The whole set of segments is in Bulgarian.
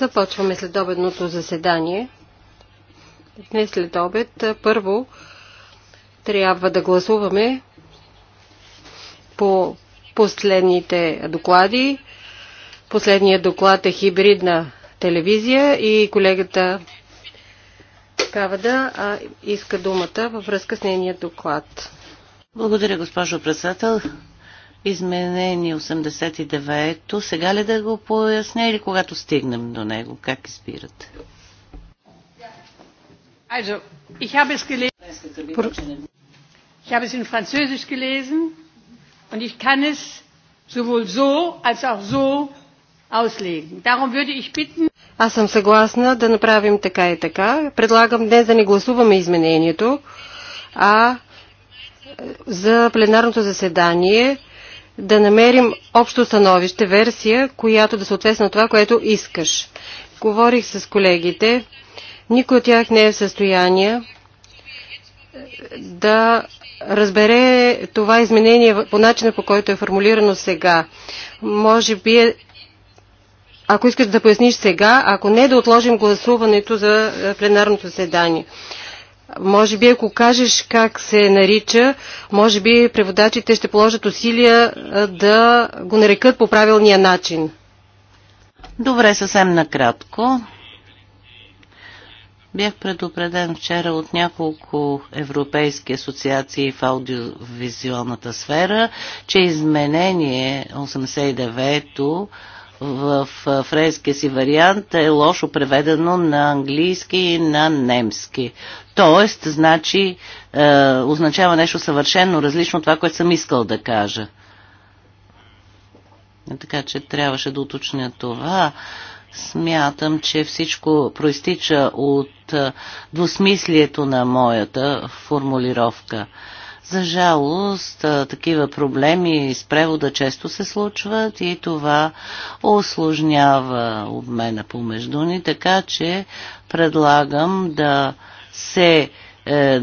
Започваме следобедното заседание. Днес след обед първо трябва да гласуваме по последните доклади. Последният доклад е хибридна телевизия и колегата Кавада иска думата във връзка с нейния доклад. Благодаря, госпожо председател. Изменение 89-то. Сега ли да го поясня или когато стигнем до него? Как избират? Also, ich habe es gelesen. Ich habe es in Französisch gelesen und ich kann es sowohl so als auch so auslegen. Darum würde ich bitten. Аз съм съгласна да направим така и така. Предлагам днес да не гласуваме изменението, а е, за пленарното заседание да намерим общо становище, версия, която да съответства на това, което искаш. Говорих с колегите, никой от тях не е в състояние е, да разбере това изменение по начина, по който е формулирано сега. Може би е, ако искаш да поясниш сега, ако не, да отложим гласуването за е, пленарното заседание. Може би, ако кажеш как се нарича, може би преводачите ще положат усилия да го нарекат по правилния начин. Добре, съвсем накратко. Бях предупреден вчера от няколко европейски асоциации в аудиовизуалната сфера, че изменение 89-то в френския си вариант е лошо преведено на английски и на немски. Тоест, значи, е, означава нещо съвършено различно от това, което съм искал да кажа. Така че трябваше да уточня това. Смятам, че всичко проистича от двусмислието на моята формулировка. За жалост, такива проблеми с превода често се случват и това осложнява обмена помежду ни, така че предлагам да се е, е,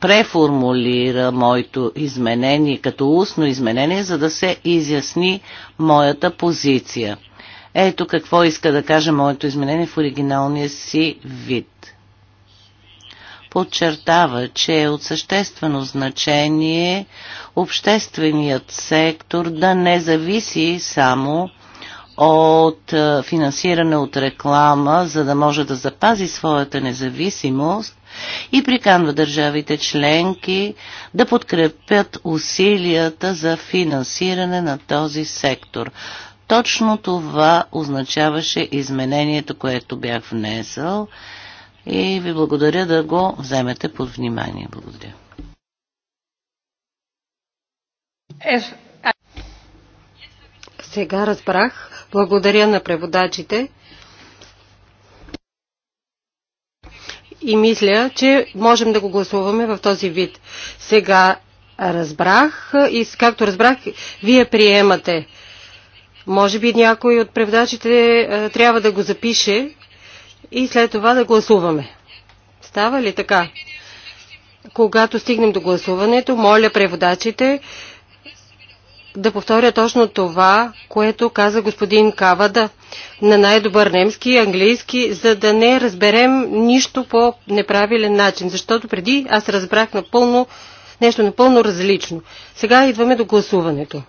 преформулира моето изменение като устно изменение, за да се изясни моята позиция. Ето какво иска да каже моето изменение в оригиналния си вид подчертава, че е от съществено значение общественият сектор да не зависи само от финансиране от реклама, за да може да запази своята независимост и приканва държавите членки да подкрепят усилията за финансиране на този сектор. Точно това означаваше изменението, което бях внесъл и ви благодаря да го вземете под внимание. Благодаря. Сега разбрах. Благодаря на преводачите. И мисля, че можем да го гласуваме в този вид. Сега разбрах и както разбрах, вие приемате. Може би някой от преводачите е, трябва да го запише, и след това да гласуваме. Става ли така? Когато стигнем до гласуването, моля преводачите да повторя точно това, което каза господин Кавада на най-добър немски и английски, за да не разберем нищо по неправилен начин, защото преди аз разбрах напълно нещо напълно различно. Сега идваме до гласуването.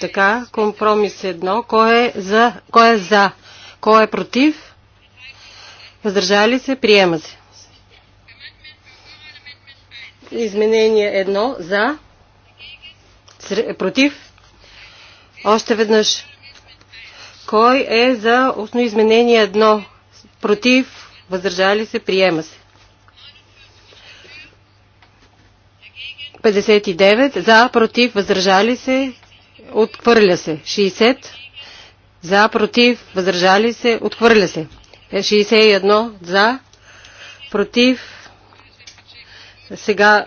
Така, компромис едно. Кой е за? Кой е за? Кой е против? Въздържали се? Приема се. Изменение едно за. Против? Още веднъж. Кой е за устно изменение едно. Против? Въздържали се? Приема се. 59 за, против, въздържали се, отхвърля се. 60 за, против, въздържали се, отхвърля се. 61 е, за, против, сега,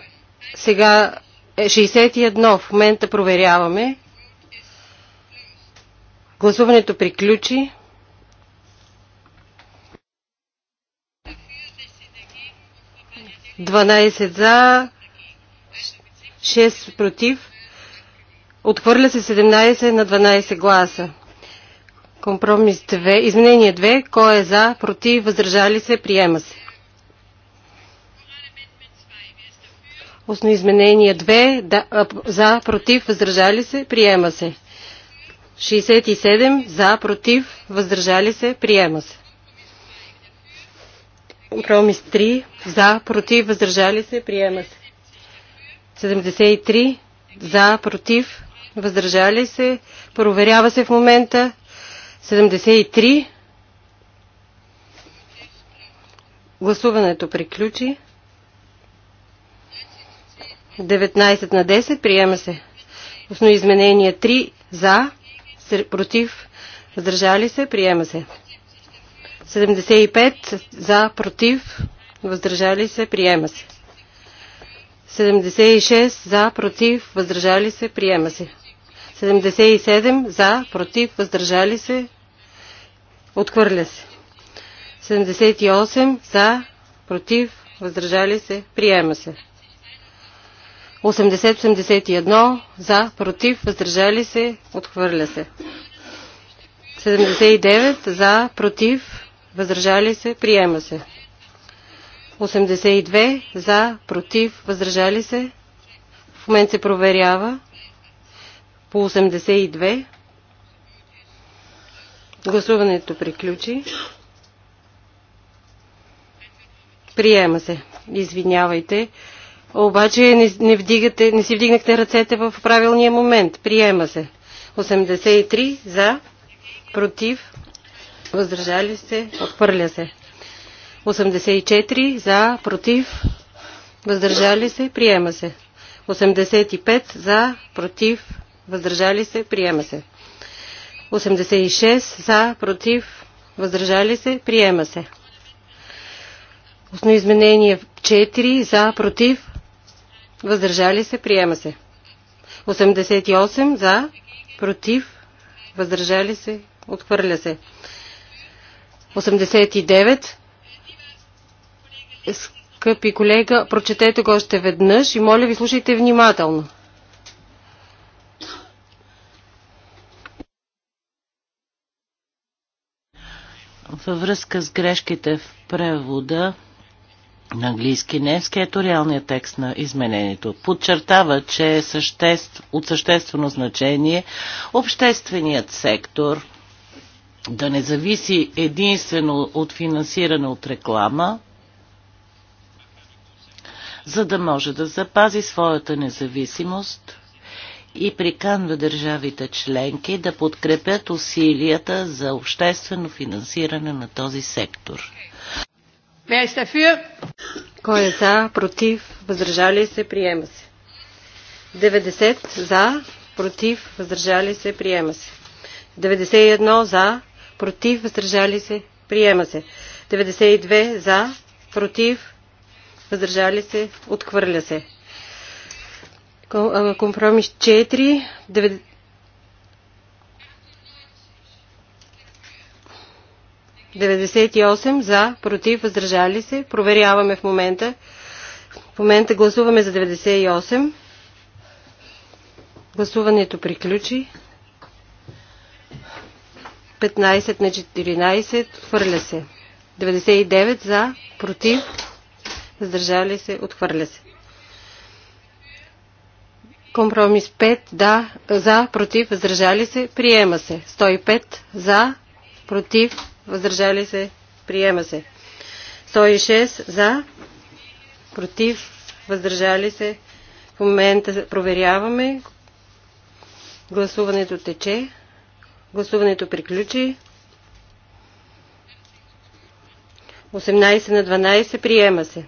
сега 61 е в момента проверяваме. Гласуването приключи. Дванадесет за, 6 против. Отхвърля се 17 на 12 гласа. Компромис 2. Изменение 2. Кой е за? Против? Въздържали се? Приема се. Осно изменение 2. Да, а, за? Против? Въздържали се? Приема се. 67. За? Против? Въздържали се? Приема се. Компромис 3. За? Против? Въздържали се? Приема се. 73. За? Против? Въздържали се? Проверява се в момента. 73. Гласуването приключи. 19 на 10. Приема се. Основно изменение 3. За. Против. Въздържали се. Приема се. 75. За. Против. Въздържали се. Приема се. 76. За. Против. Въздържали се. Приема се. 77 за, против, въздържали се, отхвърля се. 78 за, против, въздържали се, приема се. 80 71 за, против, въздържали се, отхвърля се. 79 за, против, въздържали се, приема се. 82 за, против, въздържали се. В момент се проверява по 82. Гласуването приключи. Приема се. Извинявайте. Обаче не, не, вдигате, не си вдигнахте ръцете в правилния момент. Приема се. 83 за, против, въздържали се, отхвърля се. 84 за, против, въздържали се, приема се. 85 за, против, въздържали се, приема се. 86 за, против, въздържали се, приема се. Основно изменение 4 за, против, въздържали се, приема се. 88 за, против, въздържали се, отхвърля се. 89 Скъпи колега, прочетете го още веднъж и моля ви слушайте внимателно. Във връзка с грешките в превода на английски немски, ето реалният текст на изменението. Подчертава, че е съществ, от съществено значение общественият сектор да не зависи единствено от финансиране от реклама, за да може да запази своята независимост и приканва държавите членки да подкрепят усилията за обществено финансиране на този сектор. Кой е за, против, въздържали се, приема се. 90 за, против, въздържали се, приема се. 91 за, против, въздържали се, приема се. 92 за, против, въздържали се, отхвърля се. Компромис 4. 98 за, против, въздържали се. Проверяваме в момента. В момента гласуваме за 98. Гласуването приключи. 15 на 14. Отхвърля се. 99 за, против, въздържали се, отхвърля се. Компромис 5 да, за, против, въздържали се, приема се. 105 за, против, въздържали се, приема се. 106 за, против, въздържали се. В момента проверяваме. Гласуването тече. Гласуването приключи. 18 на 12 приема се.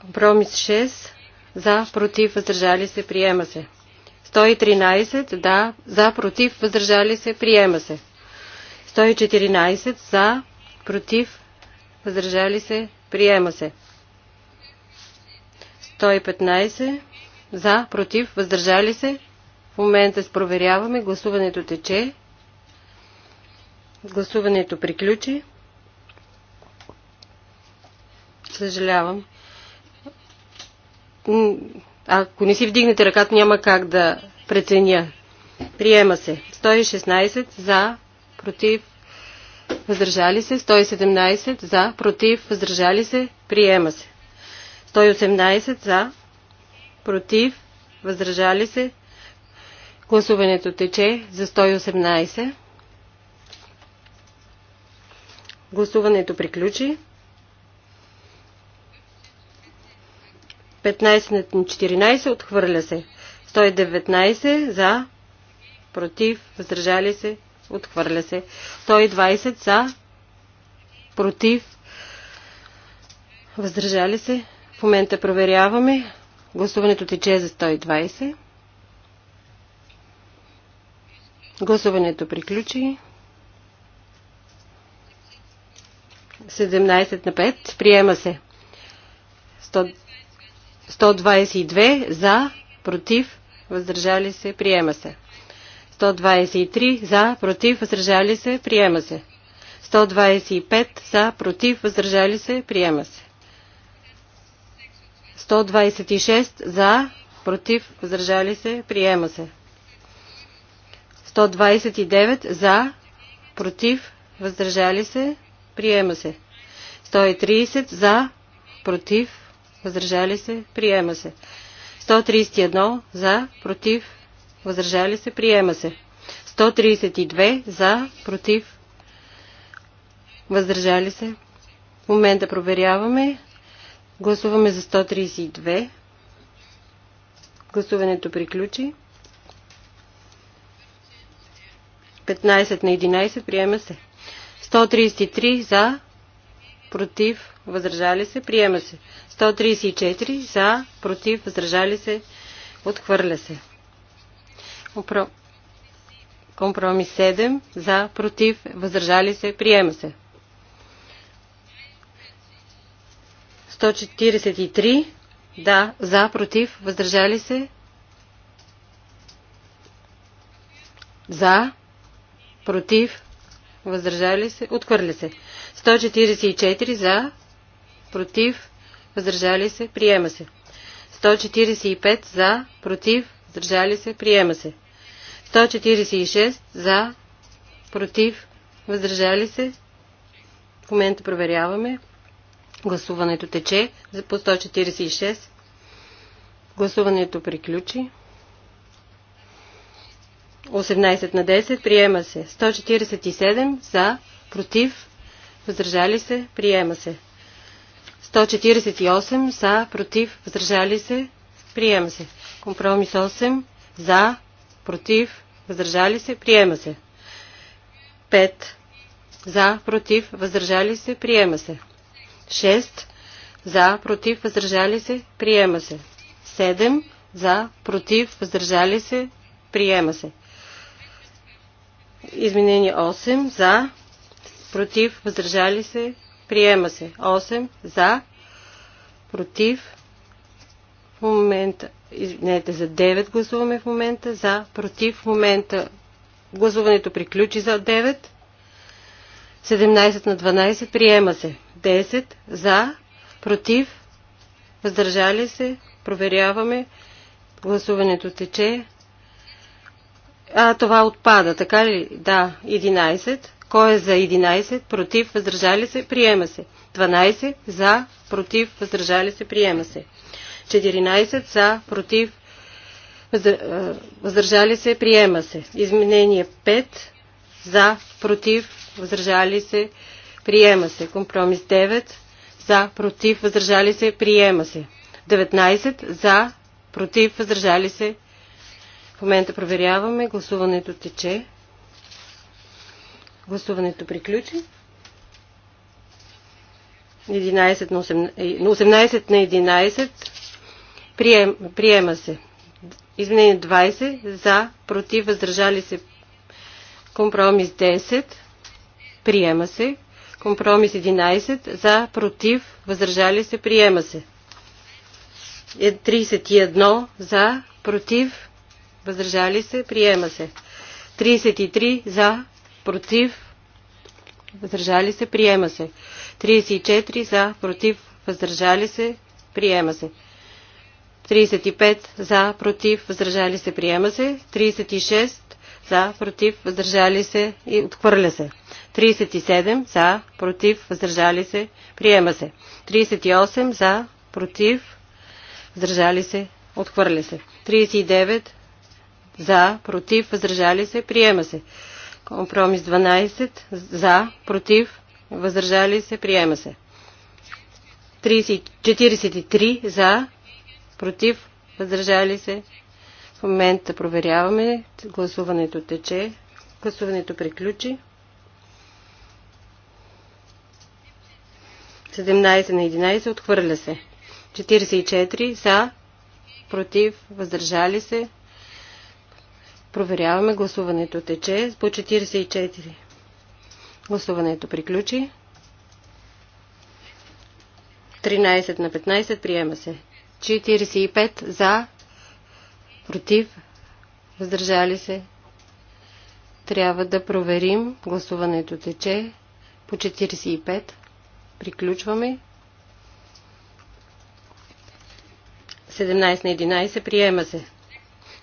Компромис 6 за, против, въздържали се, приема се. 113 да, за, против, въздържали се, приема се. 114 за, против, въздържали се, приема се. 115 за, против, въздържали се. В момента спроверяваме. Гласуването тече. Гласуването приключи. Съжалявам ако не си вдигнете ръката, няма как да преценя. Приема се. 116 за, против, въздържали се. 117 за, против, въздържали се. Приема се. 118 за, против, въздържали се. Гласуването тече за 118. Гласуването приключи. 15 на 14 отхвърля се. 119 за, против, въздържали се, отхвърля се. 120 за, против, въздържали се. В момента проверяваме. Гласуването тече за 120. Гласуването приключи. 17 на 5. Приема се. 100... 122 за, против, въздържали се, приема се. 123 за, против, въздържали се, приема се. 125 за, против, въздържали се, приема се. 126 за, против, въздържали се, приема се. 129 за, против, въздържали се, приема се. 130 за, против, въздържали се, приема се. 131 за, против, въздържали се, приема се. 132 за, против, въздържали се. В момента проверяваме. Гласуваме за 132. Гласуването приключи. 15 на 11 приема се. 133 за, против, въздържали се, приема се. 134 за, против, въздържали се, отхвърля се. Компромис 7 за, против, въздържали се, приема се. 143 да, за, против, въздържали се. За, против, въздържали се, отхвърля се. 144 за, против, въздържали се, приема се. 145 за, против, въздържали се, приема се. 146 за, против, въздържали се. В момента проверяваме. Гласуването тече по 146. Гласуването приключи. 18 на 10. Приема се. 147 за, против, въздържали се. Приема се. 148 за, против, въздържали се. Приема се. Компромис 8 за, против, въздържали се. Приема се. 5 за, против, въздържали се. Приема се. 6 за, против, въздържали се. Приема се. 7 за, против, въздържали се. Приема се. Изменение 8 за, против, въздържали се, приема се. 8 за, против, в момента, извинете, за 9 гласуваме в момента, за, против, в момента гласуването приключи за 9, 17 на 12 приема се, 10 за, против, въздържали се, проверяваме, гласуването тече, а, това отпада, така ли? Да, 11. Кой е за 11? Против, въздържали се, приема се. 12. За, против, въздържали се, приема се. 14. За, против, въздържали се, приема се. Изменение 5. За, против, въздържали се, приема се. Компромис 9. За, против, въздържали се, приема се. 19. За, против, въздържали се, момента проверяваме. Гласуването тече. Гласуването приключи. 11 на 18, 18 е, на 11. Прием, приема се. Изменение 20. За, против, въздържали се. Компромис 10. Приема се. Компромис 11. За, против, въздържали се. Приема се. 31. Е, За, против, въздържали се, приема се. 33 за, против, въздържали се, приема се. 34 за, против, въздържали се, приема се. 35 за, против, въздържали се, приема се. 36 за, против, въздържали се и отхвърля се. 37 за, против, въздържали се, приема се. 38 за, против, въздържали се, отхвърля се. 39 за, против, въздържали се, приема се. Компромис 12 за, против, въздържали се, приема се. 30, 43 за, против, въздържали се. В момента проверяваме. Гласуването тече. Гласуването приключи. 17 на 11 отхвърля се. 44 за, против, въздържали се. Проверяваме. Гласуването тече по 44. Гласуването приключи. 13 на 15 приема се. 45 за, против, въздържали се. Трябва да проверим. Гласуването тече по 45. Приключваме. 17 на 11 приема се.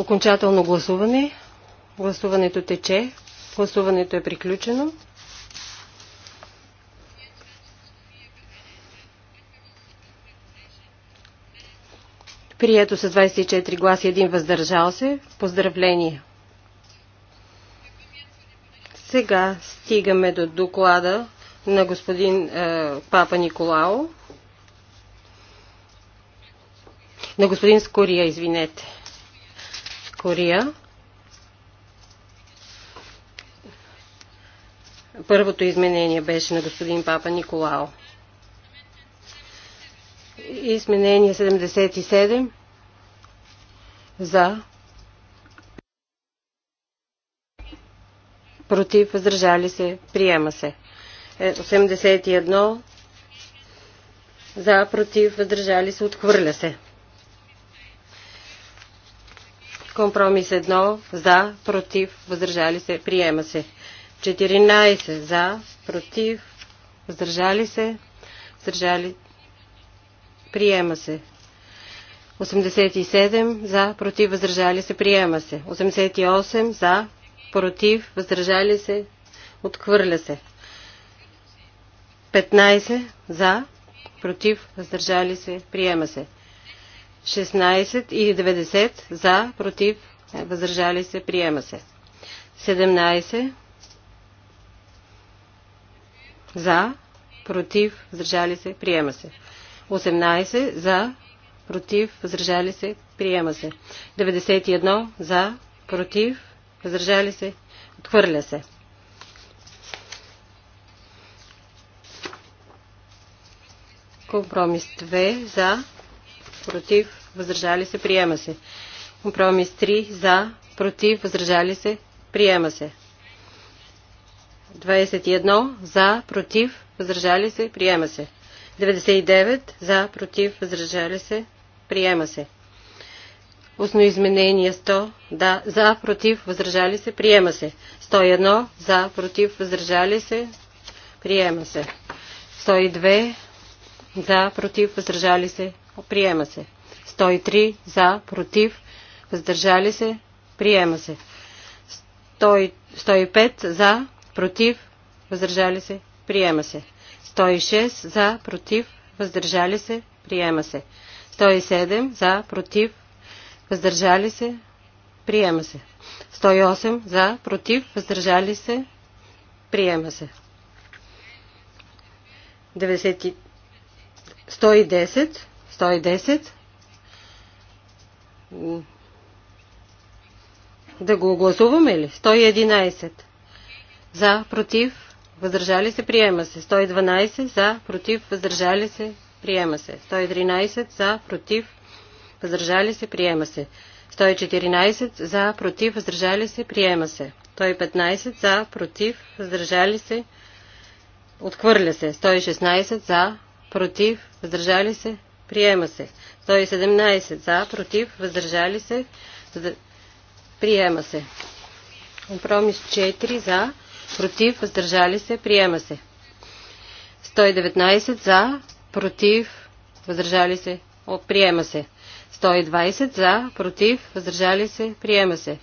Окончателно гласуване. Гласуването тече. Гласуването е приключено. Прието с 24 гласа и един въздържал се. Поздравление! Сега стигаме до доклада на господин е, Папа Николао. На господин Скория, извинете. Корея. Първото изменение беше на господин Папа Николао. Изменение 77 за против, въздържали се, приема се. 81 е, за против, въздържали се, отхвърля се. Компромис 1 за, против, въздържали се, приема се. 14 за, против, въздържали се, въздържали, приема се. 87 за, против, въздържали се, приема се. 88 за, против, въздържали се, отхвърля се. 15 за, против, въздържали се, приема се. 16 и 90 за, против, въздържали се, приема се. 17 за, против, въздържали се, приема се. 18 за, против, въздържали се, приема се. 91 за, против, въздържали се, отхвърля се. Компромис 2 за, против, въздържали се, приема се. Компромис 3 за, против, въздържали се, приема се. 21 за, против, въздържали се, приема се. 99 за, против, въздържали се, приема се. Устно изменение 100 да, за, против, въздържали се, приема се. 101 за, против, въздържали се, приема се. 102 за, против, въздържали се, приема се. 103 за, против, въздържали се, приема се. 105 за, против, въздържали се, приема се. 106 за, против, въздържали се, приема се. 107 за, против, въздържали се, приема се. 108 за, против, въздържали се, приема се. 90, 110, 110 да го гласуваме ли? 111. За, против, въздържали се, приема се. 112. За, против, въздържали се, приема се. 113. За, против, въздържали се, приема се. 114. За, против, въздържали се, приема се. 115. За, против, въздържали се, отхвърля се. 116. За, против, въздържали се, приема се. 117 за, против, въздържали се, приема се. Компромис 4 за, против, въздържали се, приема се. 119 за, против, въздържали се, приема се. 120 за, против, въздържали се, приема се.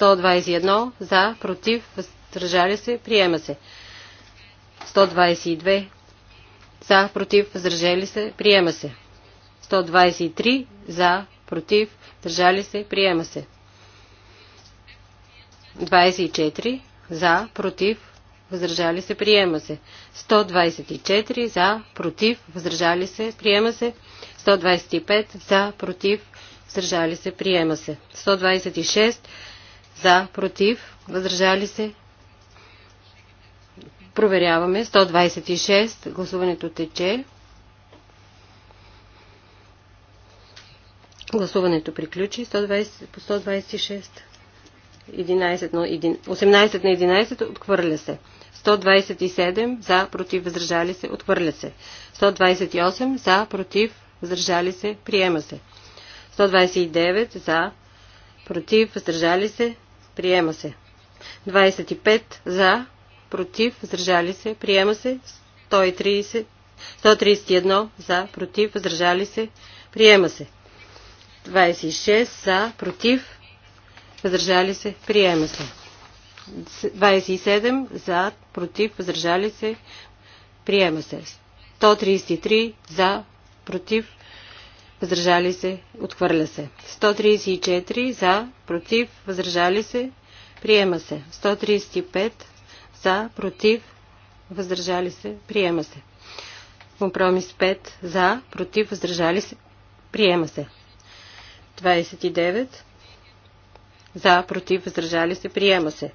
121 за, против, въздържали се, приема се. 122 за, против, въздържали се, приема се. 123 за, против, държали се, приема се. 24 за, против, въздържали се, приема се. 124 за, против, въздържали се, приема се. 125 за, против, въздържали се, приема се. 126 за, против, въздържали се. Проверяваме. 126. Гласуването тече. Гласуването приключи 120, по 126. 11 на 11, 18 на 11 отхвърля се. 127 за, против, въздържали се, отхвърля се. 128 за, против, въздържали се, приема се. 129 за, против, въздържали се, приема се. 25 за, против, въздържали се, приема се. 130, 131 за, против, въздържали се, приема се. 26 за, против, въздържали се, приема се. 27 за, против, въздържали се, приема се. 133 за, против, въздържали се, отхвърля се. 134 за, против, въздържали се, приема се. 135 за, против, въздържали се, приема се. Компромис 5 за, против, въздържали се, приема се. 29. За, против, въздържали се, приема се.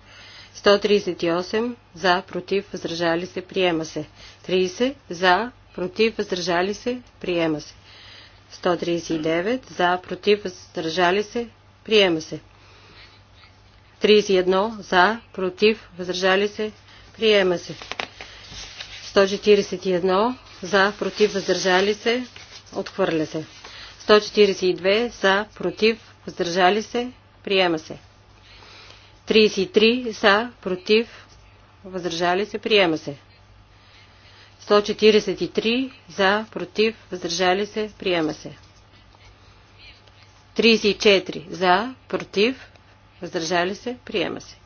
138. За, против, въздържали се, приема се. 30. За, против, въздържали се, приема се. 139. За, против, въздържали се, приема се. 31. За, против, въздържали се, приема се. 141. За, против, въздържали се, отхвърля се. 142 за, против, въздържали се, приема се. 33 за, против, въздържали се, приема се. 143 за, против, въздържали се, приема се. 34 за, против, въздържали се, приема се.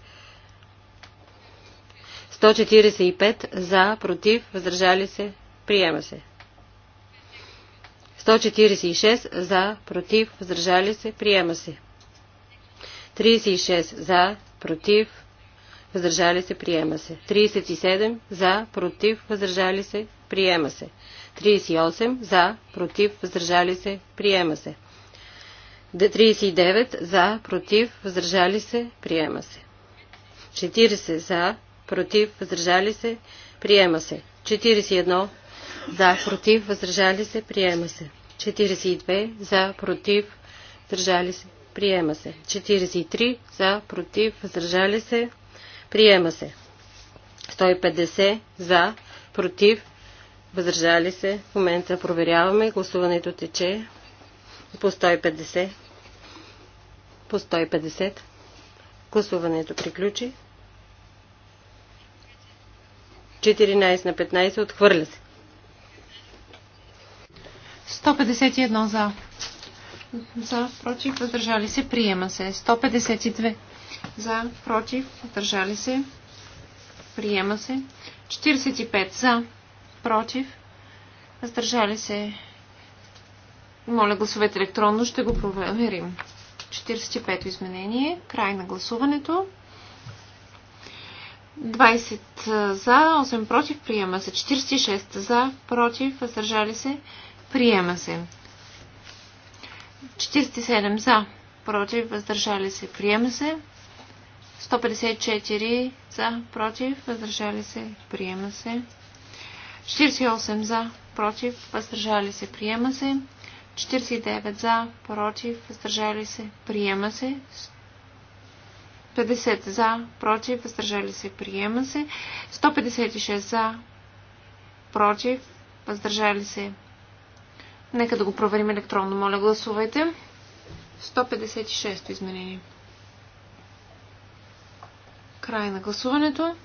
145 за, против, въздържали се, приема се. 146 за, против, въздържали се, приема се. 36 за, против, въздържали се, приема се. 37 за, против, въздържали се, приема се. 38 за, против, въздържали се, приема се. 39 за, против, въздържали се, приема се. 40 за, против, въздържали се, приема се. 41 за, против, въздържали се, приема се. 42 за, против, въздържали се, приема се. 43 за, против, въздържали се, приема се. 150 за, против, въздържали се. В момента проверяваме. Гласуването тече по 150. По 150. Гласуването приключи. 14 на 15 отхвърля се. 151 за. За, против, въздържали се, приема се. 152 за, против, въздържали се, приема се. 45 за, против, въздържали се. Моля, гласовете електронно, ще го проверим. 45-то изменение, край на гласуването. 20 за, 8 против, приема се. 46 за, против, въздържали се, се. Приема се. 47 за. Против. Въздържали се. Приема се. 154 за. Против. Въздържали се. Приема се. 48 за. Против. Въздържали се. Приема се. 49 за. Против. Въздържали се. Приема се. 50 за. Против. Въздържали се. Приема се. 156 за. Против. Въздържали се. Нека да го проверим електронно. Моля, гласувайте. 156 изменение. Край на гласуването.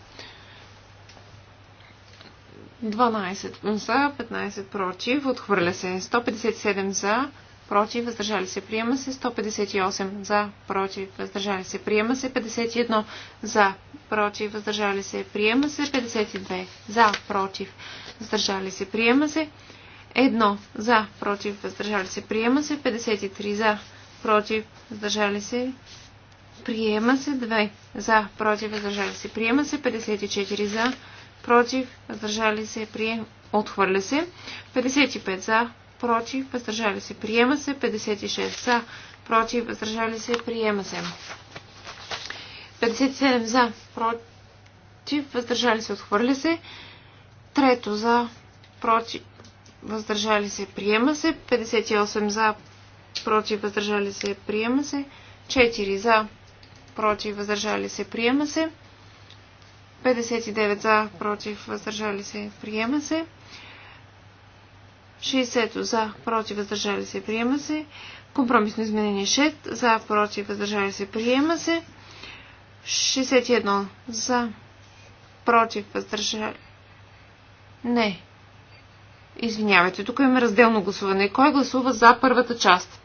12 за, 15 против, отхвърля се. 157 за, против, въздържали се, приема се. 158 за, против, въздържали се, приема се. 51 за, против, въздържали се, приема се. 52 за, против, въздържали се, приема се. Едно за, против, въздържали се, приема се. 53 за, против, въздържали се, приема се. 2 за, против, въздържали се, приема се. 54 за, против, въздържали се, приема отхвърля се. 55 за, против, въздържали се, приема се. 56 за, против, въздържали се, приема се. 57 за, против, въздържали се, отхвърля се. Трето за, против, въздържали се, приема се. 58 за, против, въздържали се, приема се. 4 за, против, въздържали се, приема се. 59 за, против, въздържали се, приема се. 60 за, против, въздържали се, приема се. Компромисно изменение 6 за, против, въздържали се, приема се. 61 за, против, въздържали. Не. Извинявайте, тук имаме разделно гласуване. Кой гласува за първата част?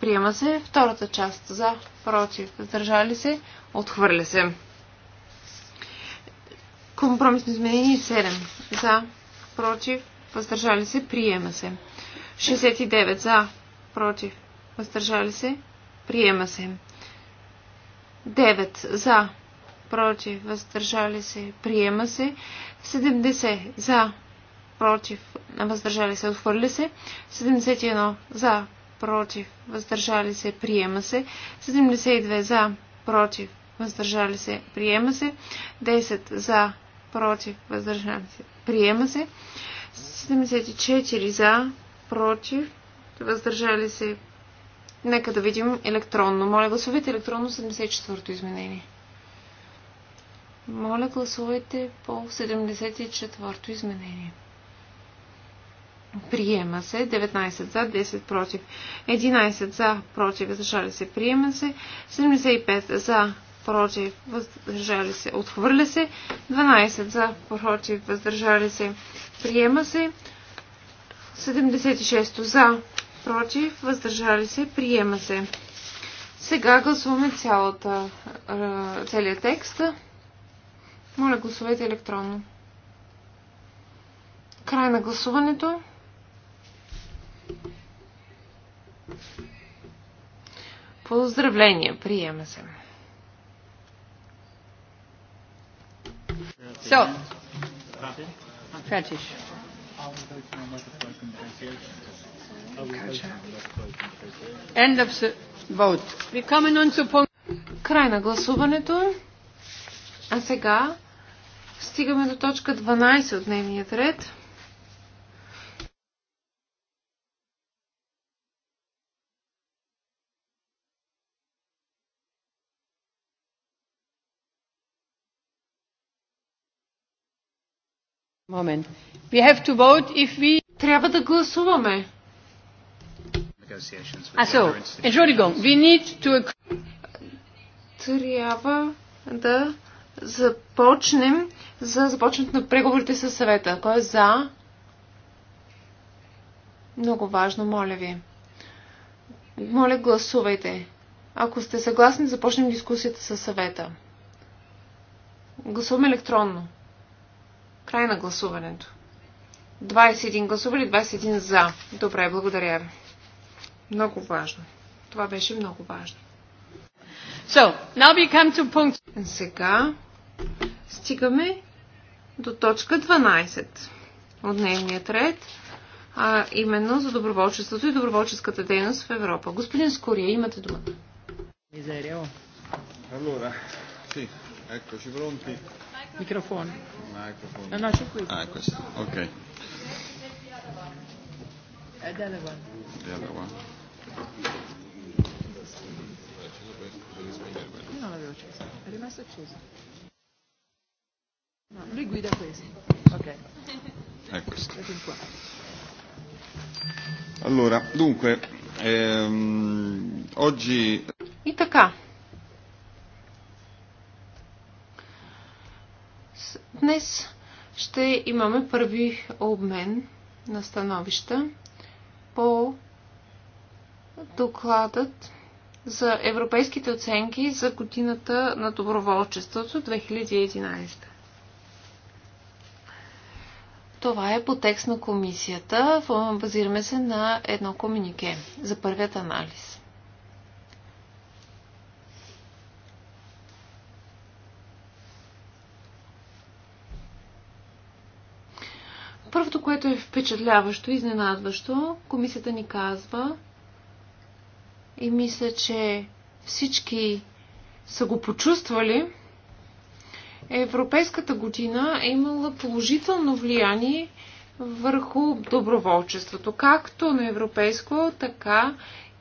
Приема се втората част. За, против, въздържали се, отхвърля се. Компромисно изменение 7. За, против, въздържали се, приема се. 69. За, против, въздържали се, приема се. 9. За, против, въздържали се, приема се. 70. За, против, въздържали се, отхвърли се. 71 за, против, въздържали се, приема се. 72 за, против, въздържали се, приема се. 10 за, против, въздържали се, приема се. 74 за, против, въздържали се. Нека да видим електронно. Моля, гласувайте електронно 74-то изменение. Моля, гласувайте по 74-то изменение. Приема се. 19 за, 10 против. 11 за, против, въздържали се. Приема се. 75 за, против, въздържали се. Отхвърля се. 12 за, против, въздържали се. Приема се. 76 за, против, въздържали се. Приема се. Сега гласуваме цялата, целият текст. Моля, гласувайте електронно. Край на гласуването. Поздравления, приема се. So, End of the vote. Край на гласуването. А сега стигаме до точка 12 от дневният ред. Moment. We have to vote if we... Трябва да гласуваме. А, so, entschuldigung, we need to... Трябва да започнем за започването на преговорите със съвета. Кой е за? Много важно, моля ви. Моля, гласувайте. Ако сте съгласни, започнем дискусията със съвета. Гласуваме електронно. Край на гласуването. 21 гласували, 21 за. Добре, благодаря ви. Много важно. Това беше много важно. So, now we come to point... Сега стигаме до точка 12 от дневният ред, а именно за доброволчеството и доброволческата дейност в Европа. Господин Скория, имате думата. Мизерио. Allora, sì, eccoci pronti. Microfono. Microfono. No, no, c'è qui. Ah, questo. Ok. The non l'avevo acceso. È rimasto acceso. No, lui guida questo. Ok. È questo. Allora, dunque, ehm, oggi... И така, Днес ще имаме първи обмен на становища по докладът за европейските оценки за годината на доброволчеството 2011. Това е по текст на комисията. Базираме се на едно комунике за първият анализ. което е впечатляващо, изненадващо. Комисията ни казва и мисля, че всички са го почувствали. Европейската година е имала положително влияние върху доброволчеството, както на европейско, така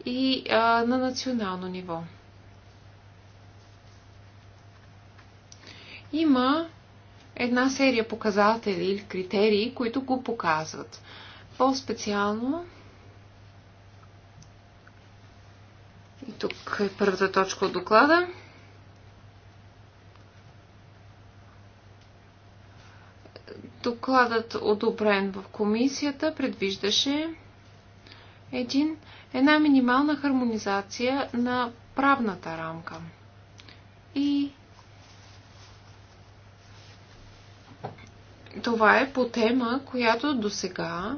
и а, на национално ниво. Има една серия показатели или критерии, които го показват. По-специално и тук е първата точка от доклада. Докладът, одобрен в комисията, предвиждаше един, една минимална хармонизация на правната рамка. И това е по тема, която до сега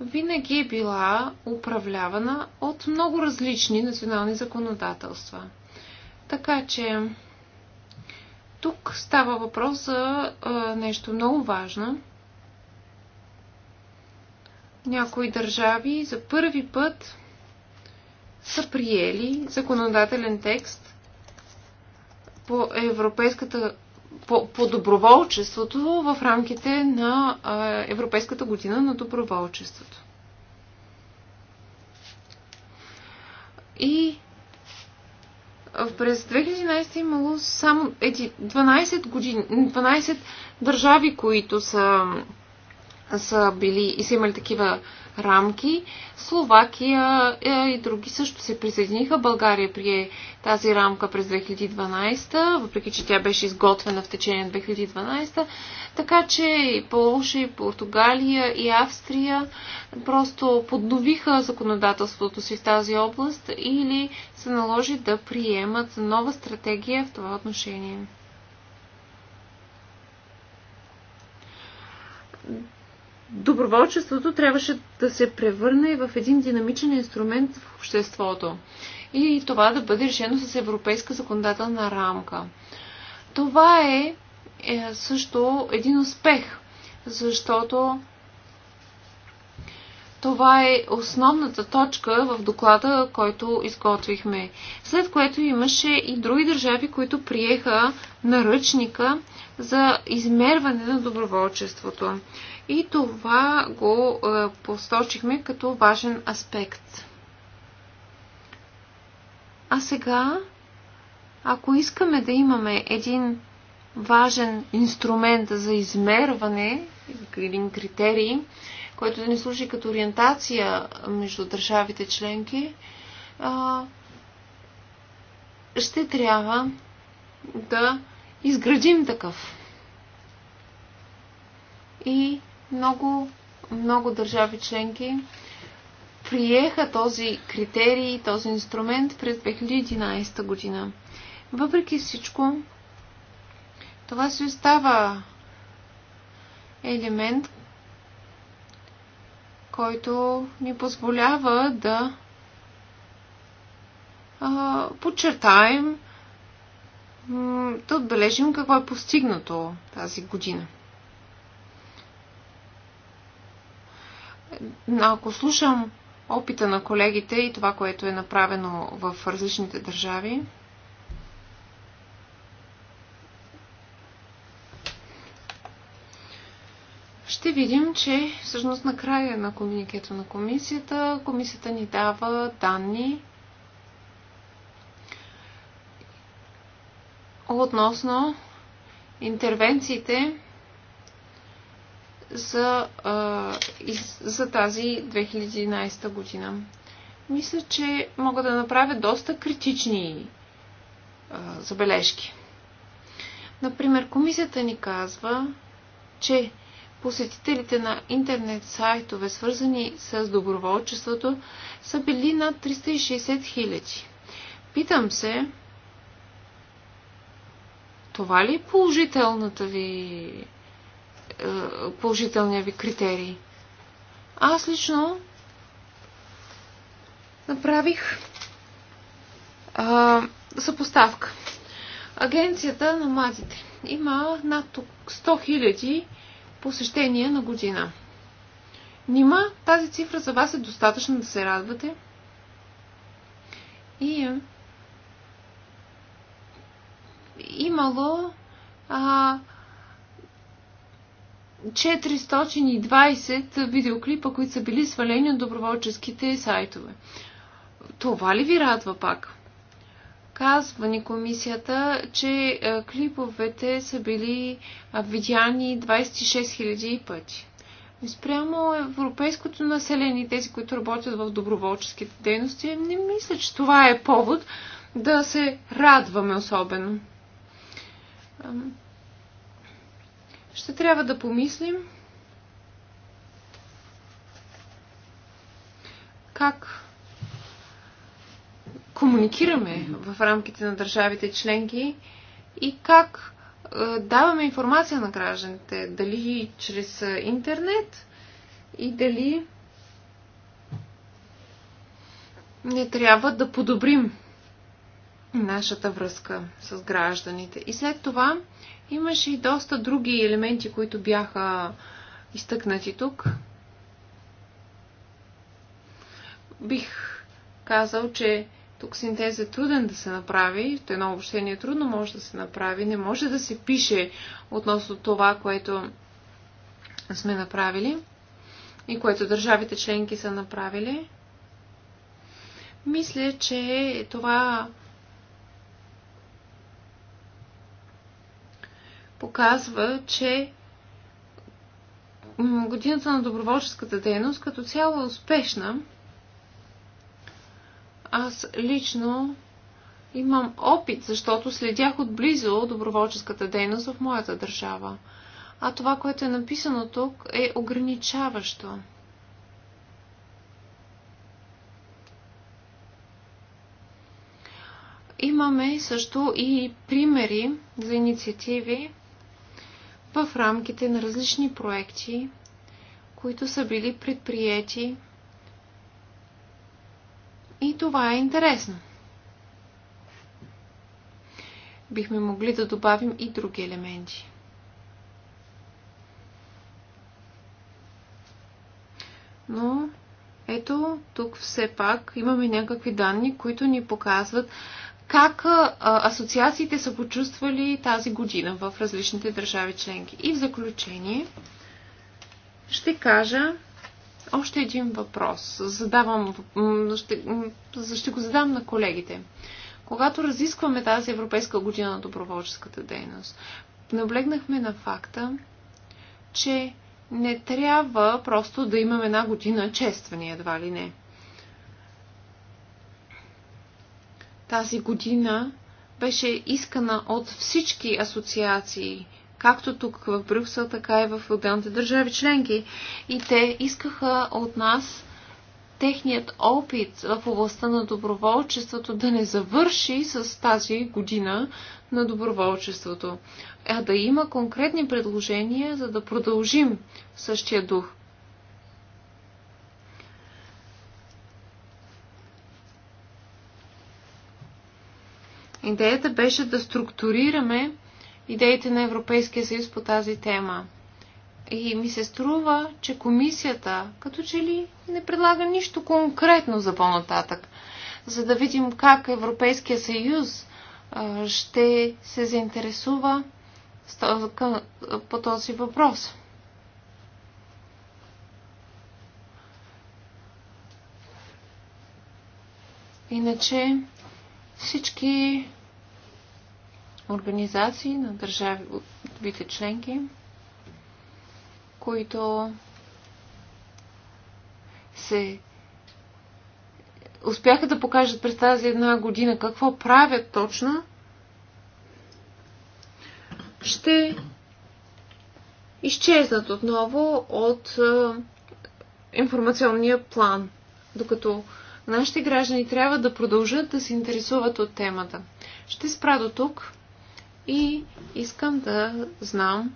винаги е била управлявана от много различни национални законодателства. Така че тук става въпрос за а, нещо много важно. Някои държави за първи път са приели законодателен текст по Европейската по, по доброволчеството в рамките на а, Европейската година на доброволчеството. И през 2011 имало само 12, години, 12 държави, които са, са били и са имали такива рамки. Словакия е, и други също се присъединиха. България прие тази рамка през 2012, въпреки че тя беше изготвена в течение на 2012. Така че и Полша, и Португалия, и Австрия просто подновиха законодателството си в тази област или се наложи да приемат нова стратегия в това отношение доброволчеството трябваше да се превърне в един динамичен инструмент в обществото. И това да бъде решено с европейска законодателна рамка. Това е, е също един успех, защото това е основната точка в доклада, който изготвихме. След което имаше и други държави, които приеха наръчника за измерване на доброволчеството. И това го е, посочихме като важен аспект. А сега, ако искаме да имаме един важен инструмент за измерване, един критерий, което да ни служи като ориентация между държавите членки, ще трябва да изградим такъв. И много, много държави членки приеха този критерий, този инструмент през 2011 година. Въпреки всичко, това си остава елемент, който ни позволява да а, подчертаем, да отбележим какво е постигнато тази година. Ако слушам опита на колегите и това, което е направено в различните държави, ще видим, че всъщност на края на комуникето на комисията, комисията ни дава данни относно интервенциите за, а, за тази 2011 година. Мисля, че мога да направя доста критични а, забележки. Например, комисията ни казва, че посетителите на интернет сайтове, свързани с доброволчеството, са били над 360 хиляди. Питам се, това ли е положителната ви, е, положителния ви критерий? Аз лично направих а, съпоставка. Агенцията на мазите има над 100 хиляди 000 посещения на година. Нима тази цифра за вас е достатъчна да се радвате? И е имало а, 420 видеоклипа, които са били свалени от доброволческите сайтове. Това ли ви радва пак? казва ни комисията, че е, клиповете са били е, видяни 26 000 пъти. Спрямо европейското население, тези, които работят в доброволческите дейности, не мисля, че това е повод да се радваме особено. Ще трябва да помислим как комуникираме в рамките на държавите членки и как е, даваме информация на гражданите, дали чрез е, интернет и дали не трябва да подобрим нашата връзка с гражданите. И след това имаше и доста други елементи, които бяха изтъкнати тук. Бих казал, че тук синтез е труден да се направи, в едно общение е трудно може да се направи, не може да се пише относно това, което сме направили и което държавите членки са направили. Мисля, че това показва, че годината на доброволческата дейност като цяло е успешна аз лично имам опит, защото следях отблизо доброволческата дейност в моята държава. А това, което е написано тук, е ограничаващо. Имаме също и примери за инициативи в рамките на различни проекти, които са били предприяти и това е интересно. Бихме могли да добавим и други елементи. Но ето, тук все пак имаме някакви данни, които ни показват как асоциациите са почувствали тази година в различните държави членки. И в заключение ще кажа, още един въпрос. Задавам, ще, ще го задам на колегите. Когато разискваме тази Европейска година на доброволческата дейност, наблегнахме на факта, че не трябва просто да имаме една година чествани, едва ли не. Тази година беше искана от всички асоциации – както тук в Брюксел, така и в отделните държави членки. И те искаха от нас техният опит в областта на доброволчеството да не завърши с тази година на доброволчеството, а да има конкретни предложения, за да продължим същия дух. Идеята беше да структурираме идеите на Европейския съюз по тази тема. И ми се струва, че комисията като че ли не предлага нищо конкретно за по-нататък, за да видим как Европейския съюз ще се заинтересува по този въпрос. Иначе всички организации на държави, двите членки, които се успяха да покажат през тази една година какво правят точно, ще изчезнат отново от информационния план, докато нашите граждани трябва да продължат да се интересуват от темата. Ще спра до тук. И искам да знам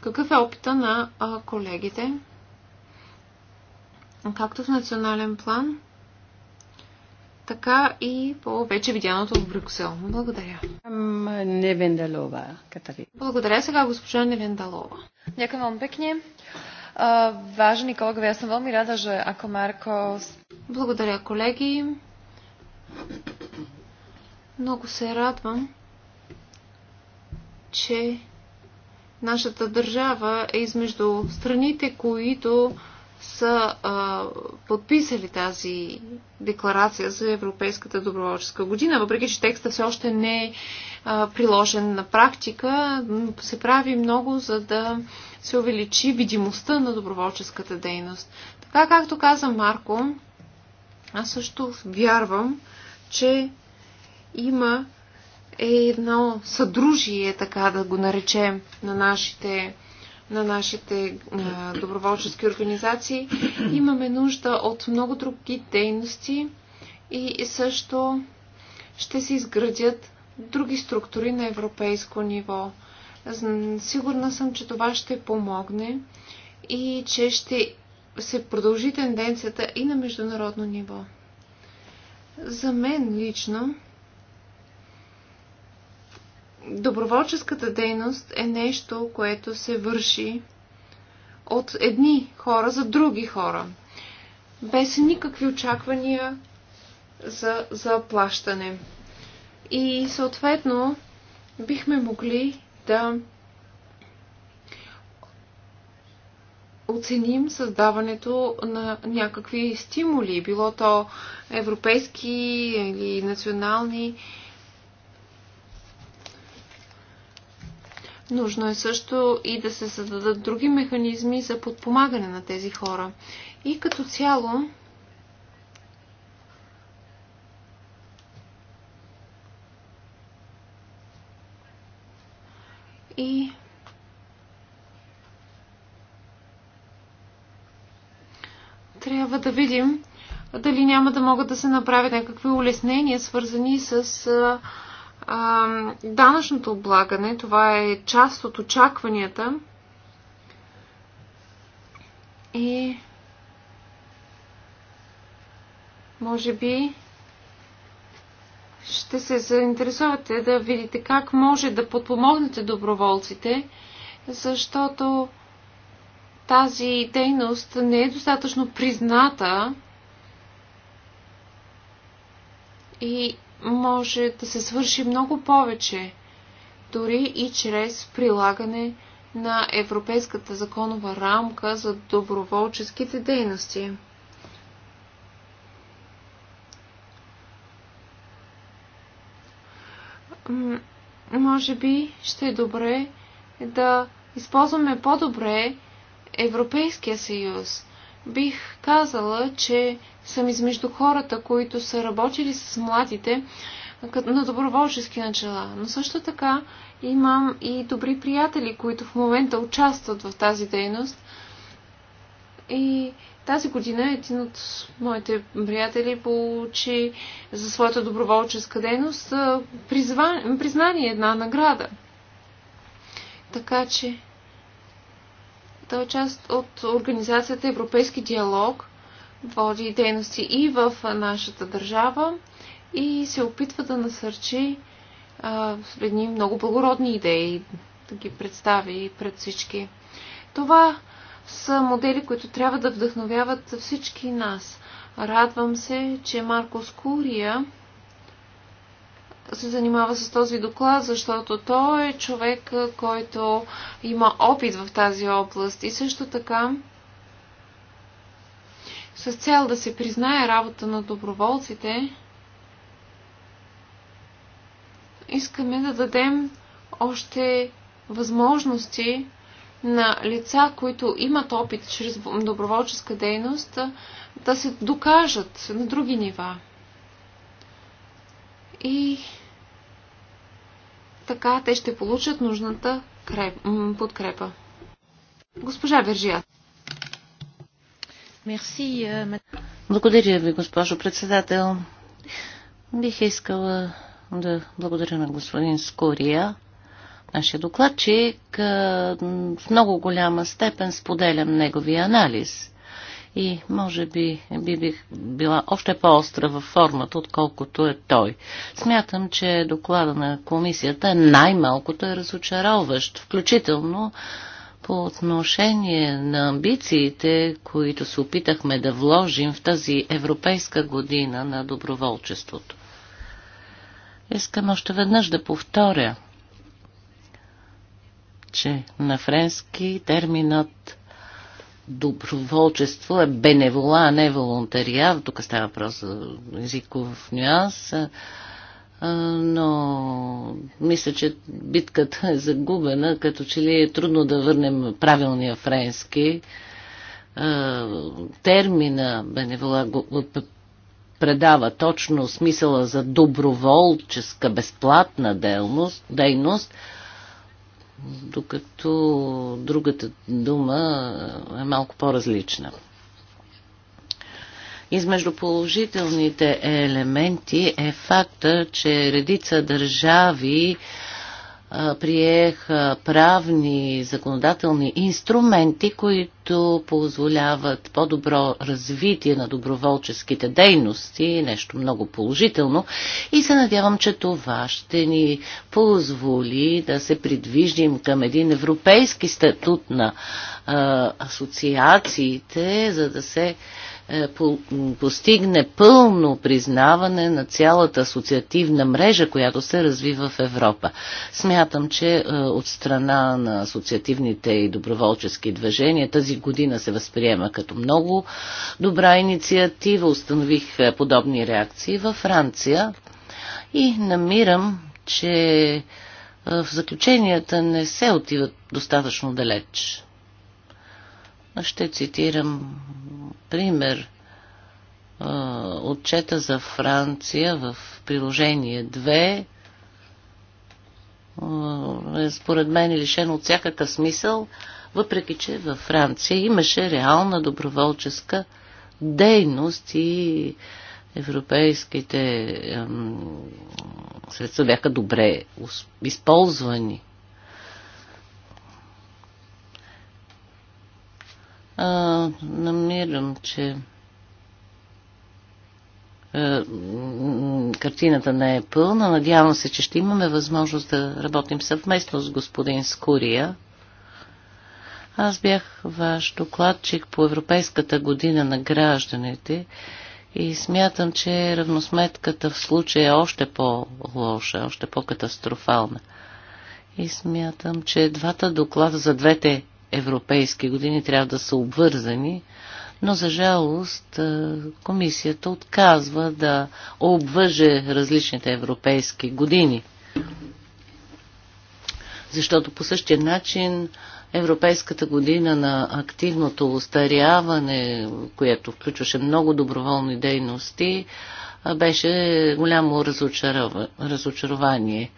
какъв е опита на колегите, както в национален план, така и по вече видяното в Брюксел. Благодаря. Невендалова, Катарина. Благодаря сега госпожа Невендалова. Дякам вам пекне. Важни колегови, аз съм veľmi рада, že Марко... Благодаря, колеги. Много се радвам, че нашата държава е измежду страните, които са а, подписали тази декларация за Европейската доброволческа година, въпреки че текста все още не е а, приложен на практика, се прави много, за да се увеличи видимостта на доброволческата дейност. Така както каза Марко, аз също вярвам, че има е едно съдружие, така да го наречем, на нашите, на нашите а, доброволчески организации. Имаме нужда от много други дейности и също ще се изградят други структури на европейско ниво. Сигурна съм, че това ще помогне и че ще се продължи тенденцията и на международно ниво. За мен лично доброволческата дейност е нещо, което се върши от едни хора за други хора, без никакви очаквания за плащане. И съответно бихме могли да оценим създаването на някакви стимули, било то европейски или национални, Нужно е също и да се създадат други механизми за подпомагане на тези хора. И като цяло, и трябва да видим дали няма да могат да се направят някакви улеснения, свързани с данъчното облагане, това е част от очакванията и може би ще се заинтересувате да видите как може да подпомогнете доброволците, защото тази дейност не е достатъчно призната и може да се свърши много повече, дори и чрез прилагане на Европейската законова рамка за доброволческите дейности. Може би ще е добре да използваме по-добре Европейския съюз – бих казала, че съм измежду хората, които са работили с младите на доброволчески начала. Но също така имам и добри приятели, които в момента участват в тази дейност. И тази година един от моите приятели получи за своята доброволческа дейност признание една награда. Така че той е част от организацията Европейски диалог, води дейности и в нашата държава и се опитва да насърчи а, едни много благородни идеи, да ги представи пред всички. Това са модели, които трябва да вдъхновяват всички нас. Радвам се, че Марко Скурия се занимава с този доклад, защото той е човек, който има опит в тази област и също така с цел да се признае работа на доброволците, искаме да дадем още възможности на лица, които имат опит чрез доброволческа дейност, да се докажат на други нива и така те ще получат нужната подкрепа. Госпожа Вержия. Е, благодаря ви, госпожо председател. Бих искала да благодаря на господин Скория, нашия докладчик. Е, в много голяма степен споделям неговия анализ и може би би бих била още по-остра във формата, отколкото е той. Смятам, че доклада на комисията най-малкото е разочароващ, включително по отношение на амбициите, които се опитахме да вложим в тази Европейска година на доброволчеството. Искам още веднъж да повторя, че на френски терминът доброволчество е беневола, а не волонтария. Тук става въпрос за езиков нюанс. Но мисля, че битката е загубена, като че ли е трудно да върнем правилния френски. Термина беневола предава точно смисъла за доброволческа безплатна дейност, дейност докато другата дума е малко по-различна. Измежду положителните елементи е факта, че редица държави приеха правни законодателни инструменти, които позволяват по-добро развитие на доброволческите дейности, нещо много положително и се надявам, че това ще ни позволи да се придвижим към един европейски статут на а, асоциациите, за да се а, е, по постигне пълно признаване на цялата асоциативна мрежа, която се развива в Европа. Смятам, че е, от страна на асоциативните и доброволчески движения тази година се възприема като много добра инициатива. Установих е, подобни реакции във Франция и намирам, че в заключенията не се отиват достатъчно далеч. Ще цитирам пример отчета за Франция в приложение 2 е според мен е лишен от всякакъв смисъл, въпреки че във Франция имаше реална доброволческа дейност и европейските средства бяха добре използвани. а, намирам, че а, картината не е пълна. Надявам се, че ще имаме възможност да работим съвместно с господин Скурия. Аз бях ваш докладчик по Европейската година на гражданите и смятам, че равносметката в случая е още по-лоша, още по-катастрофална. И смятам, че двата доклада за двете европейски години трябва да са обвързани, но за жалост комисията отказва да обвърже различните европейски години. Защото по същия начин Европейската година на активното устаряване, което включваше много доброволни дейности, беше голямо разочарование.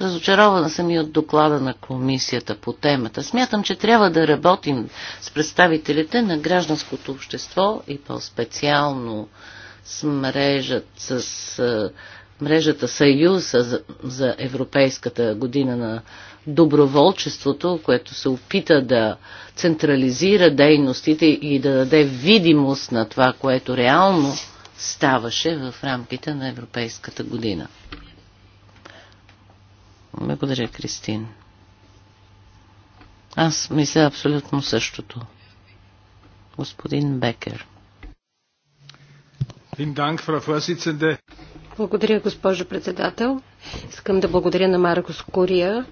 Разочарована съм и от доклада на комисията по темата. Смятам, че трябва да работим с представителите на гражданското общество и по-специално с мрежът, с мрежата Съюза за, за Европейската година на доброволчеството, което се опита да централизира дейностите и да даде видимост на това, което реално ставаше в рамките на Европейската година. Благодаря, Кристин. Аз мисля абсолютно същото. Господин Бекер. Благодаря, госпожо председател. Искам да благодаря на Маркос Скория.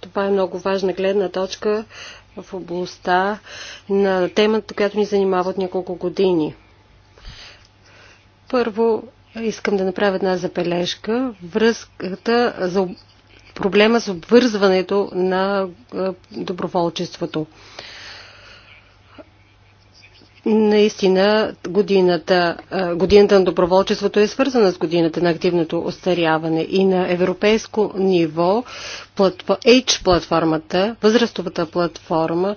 Това е много важна гледна точка в областта на темата, която ни занимава от няколко години. Първо, искам да направя една забележка. Връзката за проблема с обвързването на доброволчеството. Наистина, годината, годината на доброволчеството е свързана с годината на активното остаряване и на европейско ниво H платформата, възрастовата платформа,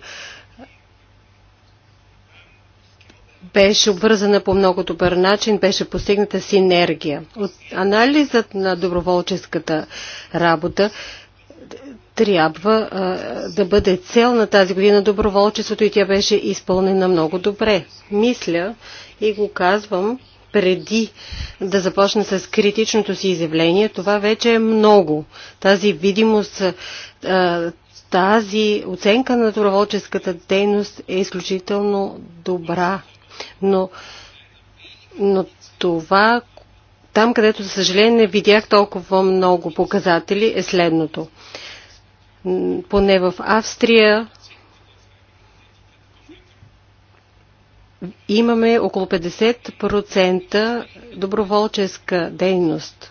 беше обвързана по много добър начин, беше постигната синергия. От анализът на доброволческата работа трябва а, да бъде цел на тази година доброволчеството и тя беше изпълнена много добре. Мисля и го казвам преди да започна с критичното си изявление, това вече е много. Тази видимост, а, тази оценка на доброволческата дейност е изключително добра. Но, но това, там където, за съжаление, не видях толкова много показатели, е следното. Поне в Австрия имаме около 50% доброволческа дейност.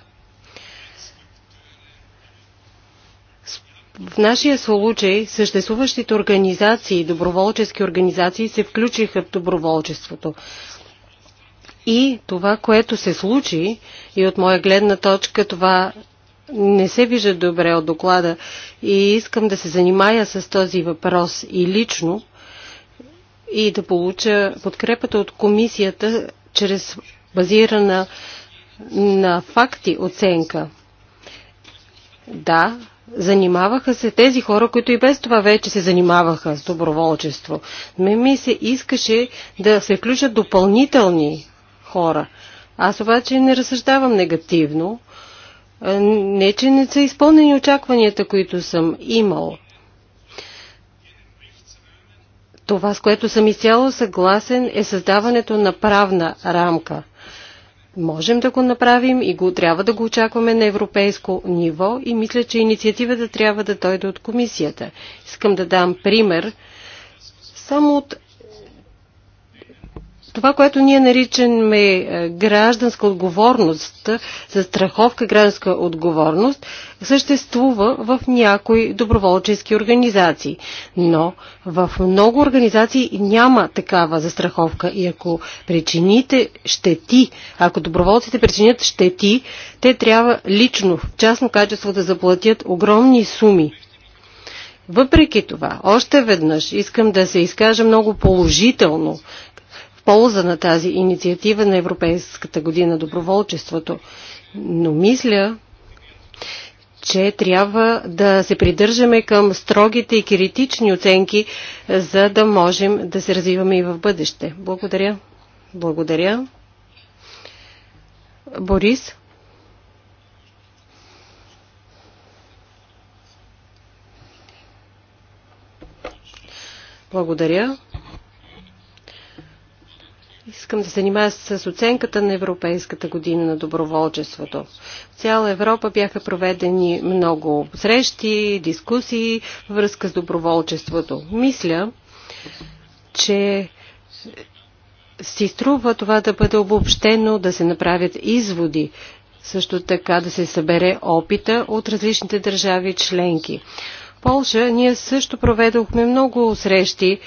В нашия случай съществуващите организации, доброволчески организации се включиха в доброволчеството. И това, което се случи, и от моя гледна точка това не се вижда добре от доклада и искам да се занимая с този въпрос и лично и да получа подкрепата от комисията чрез базирана на факти оценка. Да, Занимаваха се тези хора, които и без това вече се занимаваха с доброволчество. Ме ми се искаше да се включат допълнителни хора. Аз обаче не разсъждавам негативно. Е, не, че не са изпълнени очакванията, които съм имал. Това, с което съм изцяло съгласен, е създаването на правна рамка. Можем да го направим и го, трябва да го очакваме на европейско ниво и мисля, че инициативата трябва да дойде от комисията. Искам да дам пример само от това, което ние наричаме е, гражданска отговорност, застраховка гражданска отговорност, съществува в някои доброволчески организации. Но в много организации няма такава застраховка и ако причините щети, ако доброволците причинят щети, те трябва лично, в частно качество да заплатят огромни суми въпреки това, още веднъж искам да се изкажа много положително полза на тази инициатива на Европейската година доброволчеството. Но мисля, че трябва да се придържаме към строгите и критични оценки, за да можем да се развиваме и в бъдеще. Благодаря. Благодаря. Борис? Благодаря. Искам да се занимая с оценката на Европейската година на доброволчеството. В цяла Европа бяха проведени много срещи, дискусии във връзка с доброволчеството. Мисля, че си струва това да бъде обобщено, да се направят изводи, също така да се събере опита от различните държави членки. В Полша ние също проведохме много срещи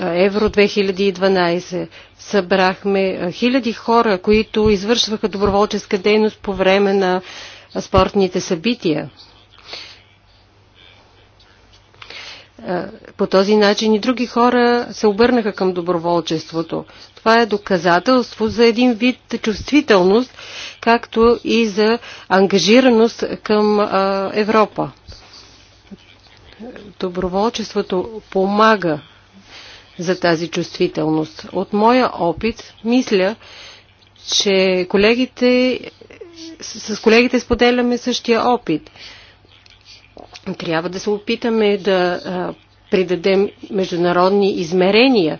Евро 2012. Събрахме хиляди хора, които извършваха доброволческа дейност по време на спортните събития. По този начин и други хора се обърнаха към доброволчеството. Това е доказателство за един вид чувствителност, както и за ангажираност към Европа. Доброволчеството помага за тази чувствителност. От моя опит мисля, че колегите, с колегите споделяме същия опит. Трябва да се опитаме да придадем международни измерения,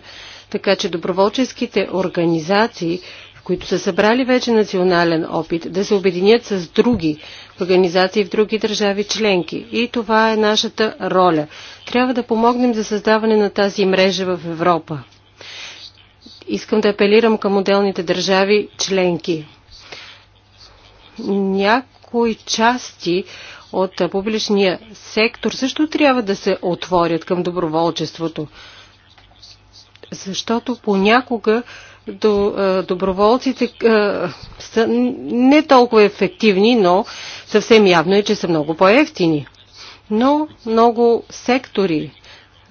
така че доброволческите организации които са събрали вече национален опит, да се обединят с други организации в други държави членки. И това е нашата роля. Трябва да помогнем за създаване на тази мрежа в Европа. Искам да апелирам към отделните държави членки. Някои части от публичния сектор също трябва да се отворят към доброволчеството. Защото понякога до, е, доброволците е, са не толкова ефективни, но съвсем явно е, че са много по-ефтини. Но много сектори,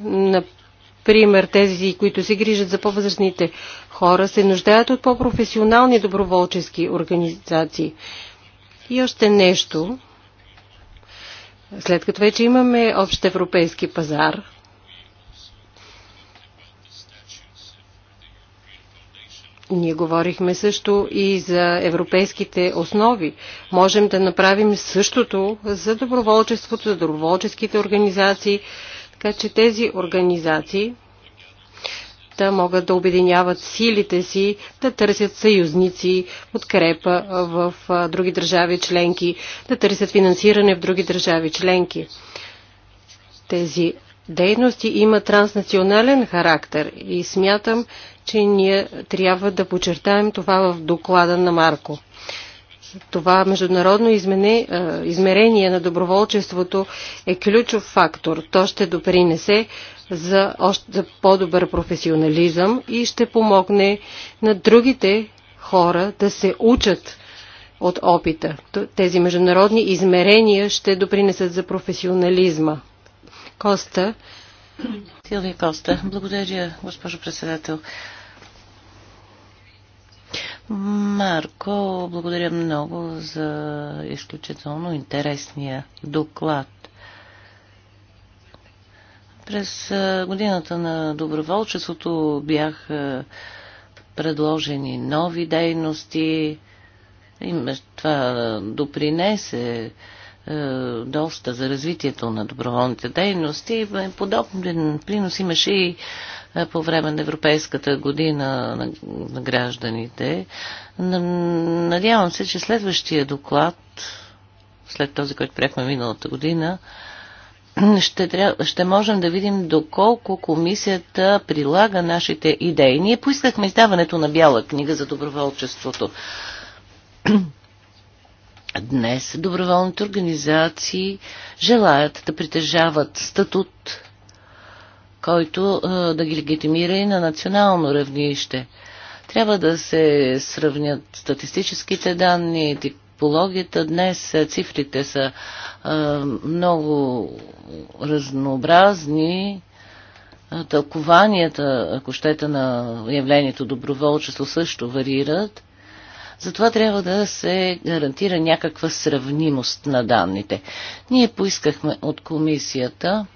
например тези, които се грижат за по-възрастните хора, се нуждаят от по-професионални доброволчески организации. И още нещо, след като вече имаме общ европейски пазар, Ние говорихме също и за европейските основи. Можем да направим същото за доброволчеството, за доброволческите организации, така че тези организации да могат да обединяват силите си, да търсят съюзници, подкрепа в други държави членки, да търсят финансиране в други държави членки. Тези дейности имат транснационален характер и смятам, че ние трябва да подчертаем това в доклада на Марко. Това международно измене, измерение на доброволчеството е ключов фактор. То ще допринесе за, още, за по-добър професионализъм и ще помогне на другите хора да се учат от опита. Тези международни измерения ще допринесат за професионализма. Коста. Силвия Коста. Благодаря, госпожо председател. Марко, благодаря много за изключително интересния доклад. През годината на доброволчеството бяха предложени нови дейности. Това допринесе е, доста за развитието на доброволните дейности. Е, подобен принос имаше и е, по време на Европейската година на, гражданите. Надявам се, че следващия доклад, след този, който приехме миналата година, ще, трябва, ще можем да видим доколко комисията прилага нашите идеи. Ние поискахме издаването на бяла книга за доброволчеството. Днес доброволните организации желаят да притежават статут, който да ги легитимира и на национално равнище. Трябва да се сравнят статистическите данни, типологията. Днес цифрите са много разнообразни тълкованията, ако щете, на явлението доброволчество също варират. Затова трябва да се гарантира някаква сравнимост на данните. Ние поискахме от комисията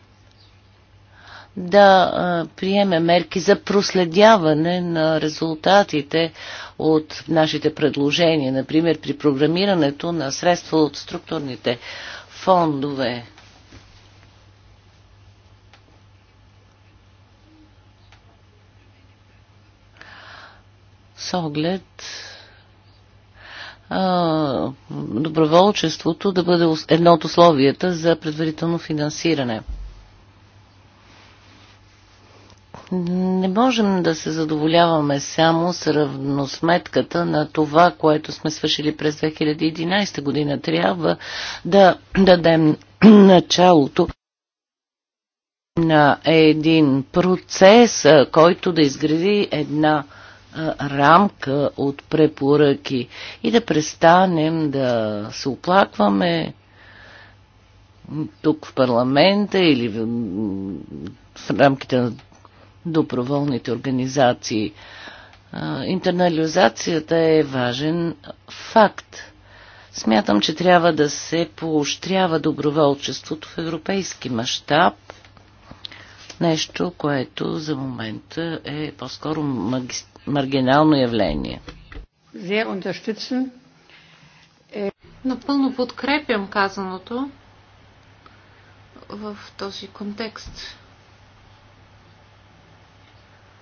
да приеме мерки за проследяване на резултатите от нашите предложения, например при програмирането на средства от структурните фондове. С оглед доброволчеството да бъде едно от условията за предварително финансиране. Не можем да се задоволяваме само с равносметката на това, което сме свършили през 2011 година. Трябва да дадем началото на един процес, който да изгради една рамка от препоръки и да престанем да се оплакваме тук в парламента или в, в рамките на доброволните организации. Интернализацията е важен факт. Смятам, че трябва да се поощрява доброволчеството в европейски мащаб. Нещо, което за момента е по-скоро магистрално маргинално явление. Е, Напълно подкрепям казаното в този контекст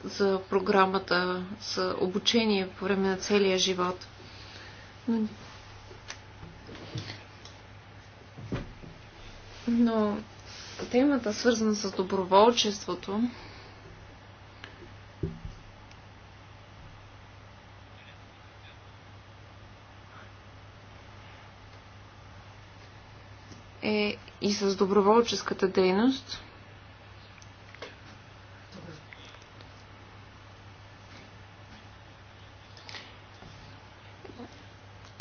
за програмата за обучение по време на целия живот. Но темата, свързана с доброволчеството, е и с доброволческата дейност.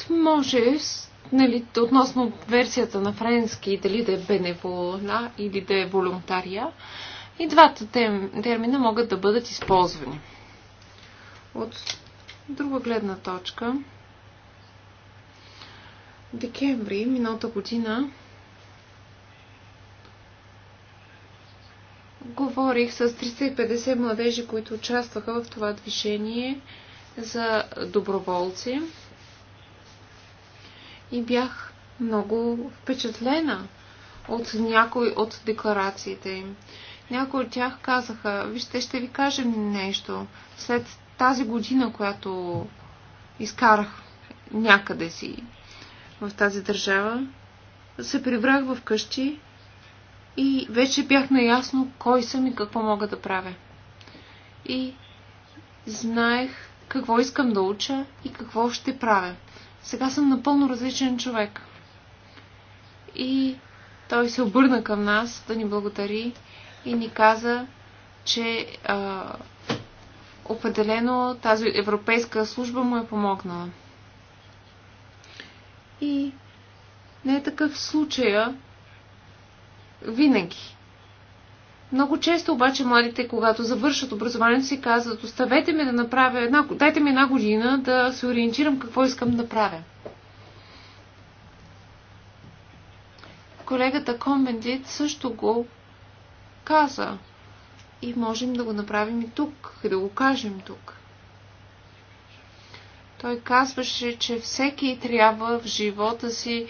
Може, нали, относно версията на френски, дали да е беневолна или да е волонтария, и двата термина могат да бъдат използвани. От друга гледна точка, декември миналата година Говорих с 350 младежи, които участваха в това движение за доброволци и бях много впечатлена от някои от декларациите им. Някои от тях казаха, вижте, ще ви кажем нещо. След тази година, която изкарах някъде си в тази държава, се прибрах в къщи и вече бях наясно кой съм и какво мога да правя. И знаех какво искам да уча и какво ще правя. Сега съм напълно различен човек. И той се обърна към нас да ни благодари и ни каза, че а, определено тази европейска служба му е помогнала. И не е такъв случая винаги. Много често обаче младите, когато завършат образованието си, казват, оставете ме да направя една, дайте ми една година да се ориентирам какво искам да правя. Колегата Комендит също го каза. И можем да го направим и тук, и да го кажем тук. Той казваше, че всеки трябва в живота си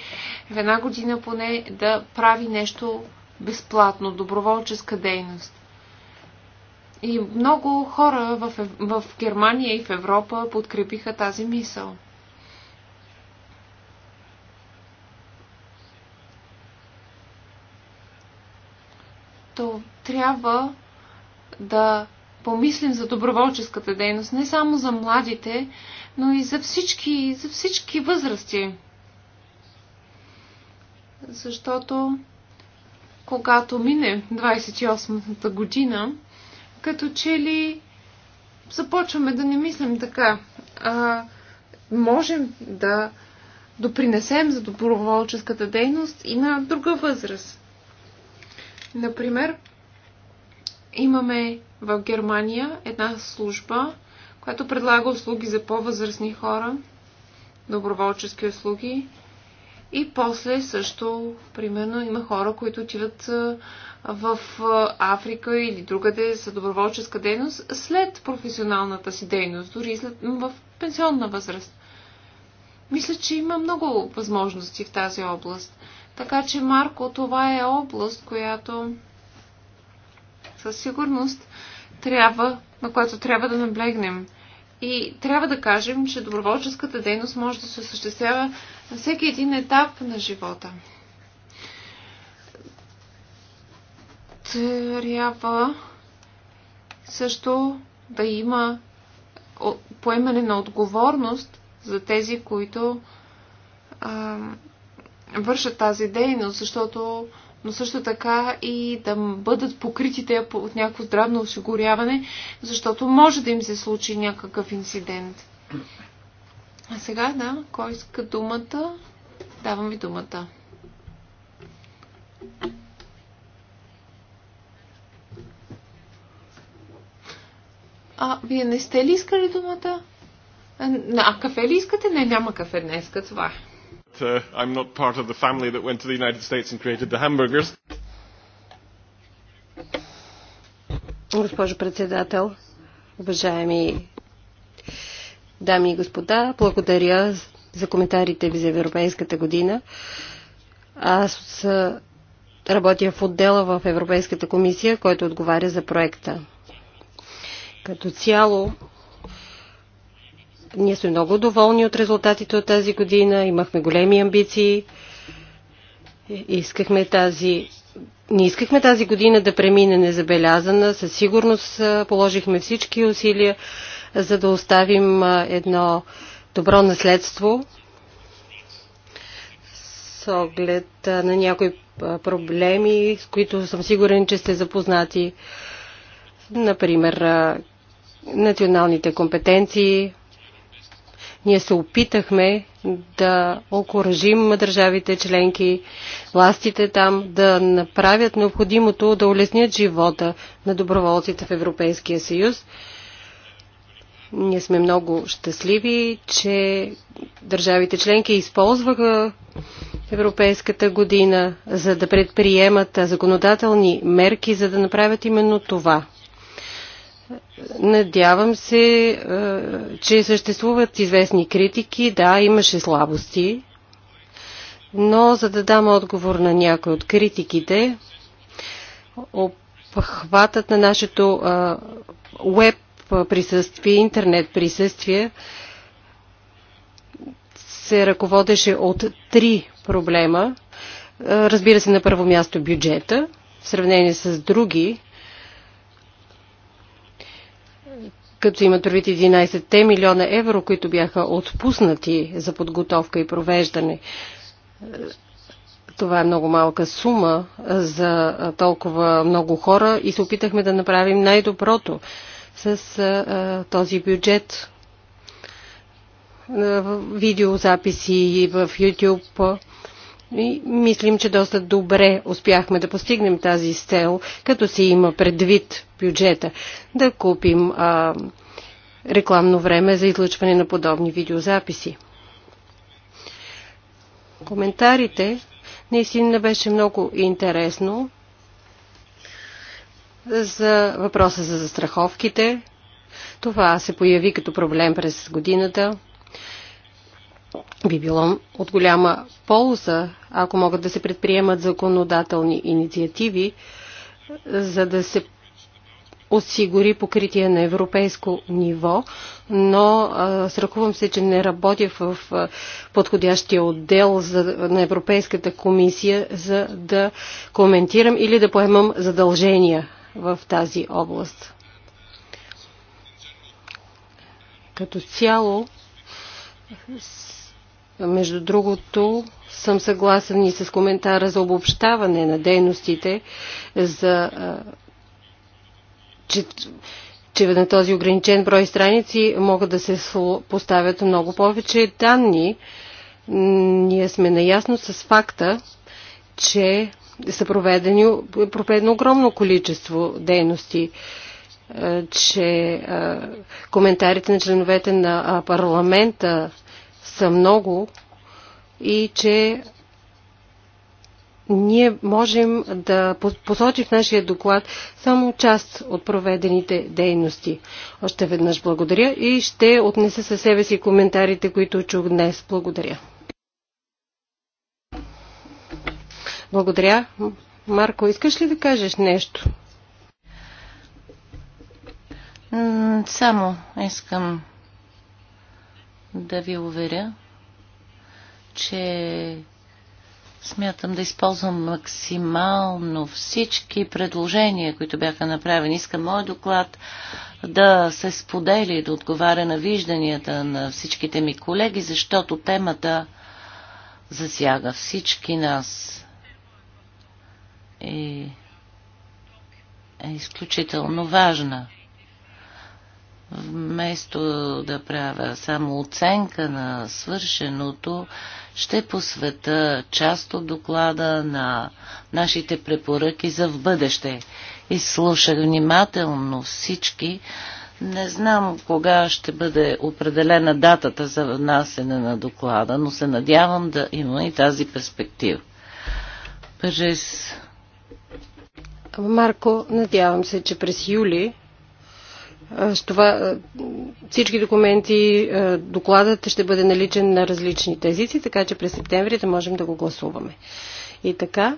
в една година поне да прави нещо безплатно, доброволческа дейност. И много хора в, в Германия и в Европа подкрепиха тази мисъл. То трябва да помислим за доброволческата дейност, не само за младите, но и за всички, за всички възрасти. Защото когато мине 28-та година, като че ли започваме да не мислим така, а можем да допринесем за доброволческата дейност и на друга възраст. Например, имаме в Германия една служба, която предлага услуги за по-възрастни хора, доброволчески услуги, и после също, примерно, има хора, които отиват в Африка или другаде за доброволческа дейност след професионалната си дейност, дори след, в пенсионна възраст. Мисля, че има много възможности в тази област. Така че, Марко, това е област, която със сигурност трябва, на която трябва да наблегнем. И трябва да кажем, че доброволческата дейност може да се осъществява на всеки един етап на живота. Трябва също да има поемане на отговорност за тези, които а, вършат тази дейност, защото но също така и да бъдат покритите от някакво здравно осигуряване, защото може да им се случи някакъв инцидент. А сега, да, кой иска думата? Давам ви думата. А, вие не сте ли искали думата? А, а кафе ли искате? Не, няма кафе днес, това е. Uh, I'm not part of the family that went to the United States and created the hamburgers. Госпожо председател, уважаеми Дами и господа, благодаря за коментарите ви за Европейската година. Аз работя в отдела в Европейската комисия, който отговаря за проекта. Като цяло, ние сме много доволни от резултатите от тази година, имахме големи амбиции. Искахме тази не искахме тази година да премине незабелязана. Със сигурност положихме всички усилия за да оставим едно добро наследство с оглед на някои проблеми, с които съм сигурен, че сте запознати. Например, националните компетенции. Ние се опитахме да окоръжим държавите членки, властите там да направят необходимото да улеснят живота на доброволците в Европейския съюз. Ние сме много щастливи, че държавите членки използваха Европейската година, за да предприемат законодателни мерки, за да направят именно това. Надявам се, е, че съществуват известни критики. Да, имаше слабости, но за да дам отговор на някои от критиките, обхватът на нашето веб е, присъствие, интернет присъствие, се ръководеше от три проблема. Разбира се, на първо място бюджета, в сравнение с други, като имат правите 11 милиона евро, които бяха отпуснати за подготовка и провеждане. Това е много малка сума за толкова много хора и се опитахме да направим най-доброто с а, този бюджет. Видеозаписи в YouTube. И мислим, че доста добре успяхме да постигнем тази цел, като се има предвид бюджета да купим а, рекламно време за излъчване на подобни видеозаписи. Коментарите наистина беше много интересно за въпроса за застраховките. Това се появи като проблем през годината. Би било от голяма полза, ако могат да се предприемат законодателни инициативи, за да се осигури покритие на европейско ниво, но а, страхувам се, че не работя в а, подходящия отдел за, на Европейската комисия, за да коментирам или да поемам задължения в тази област. Като цяло, между другото, съм съгласен и с коментара за обобщаване на дейностите, за, че, че на този ограничен брой страници могат да се поставят много повече данни. Ние сме наясно с факта, че са проведени, проведено огромно количество дейности, е, че е, коментарите на членовете на е, парламента са много и че ние можем да посочим в нашия доклад само част от проведените дейности. Още веднъж благодаря и ще отнеса със себе си коментарите, които чух днес. Благодаря. Благодаря. Марко, искаш ли да кажеш нещо? Само искам да ви уверя, че смятам да използвам максимално всички предложения, които бяха направени. Искам мой доклад да се сподели, да отговаря на вижданията на всичките ми колеги, защото темата засяга всички нас и е, е изключително важна. Вместо да правя само оценка на свършеното, ще посвета част от доклада на нашите препоръки за в бъдеще. Изслушах внимателно всички. Не знам кога ще бъде определена датата за внасене на доклада, но се надявам да има и тази перспектива. През Марко, надявам се, че през юли с това, всички документи, докладът ще бъде наличен на различните езици, така че през септември да можем да го гласуваме. И така.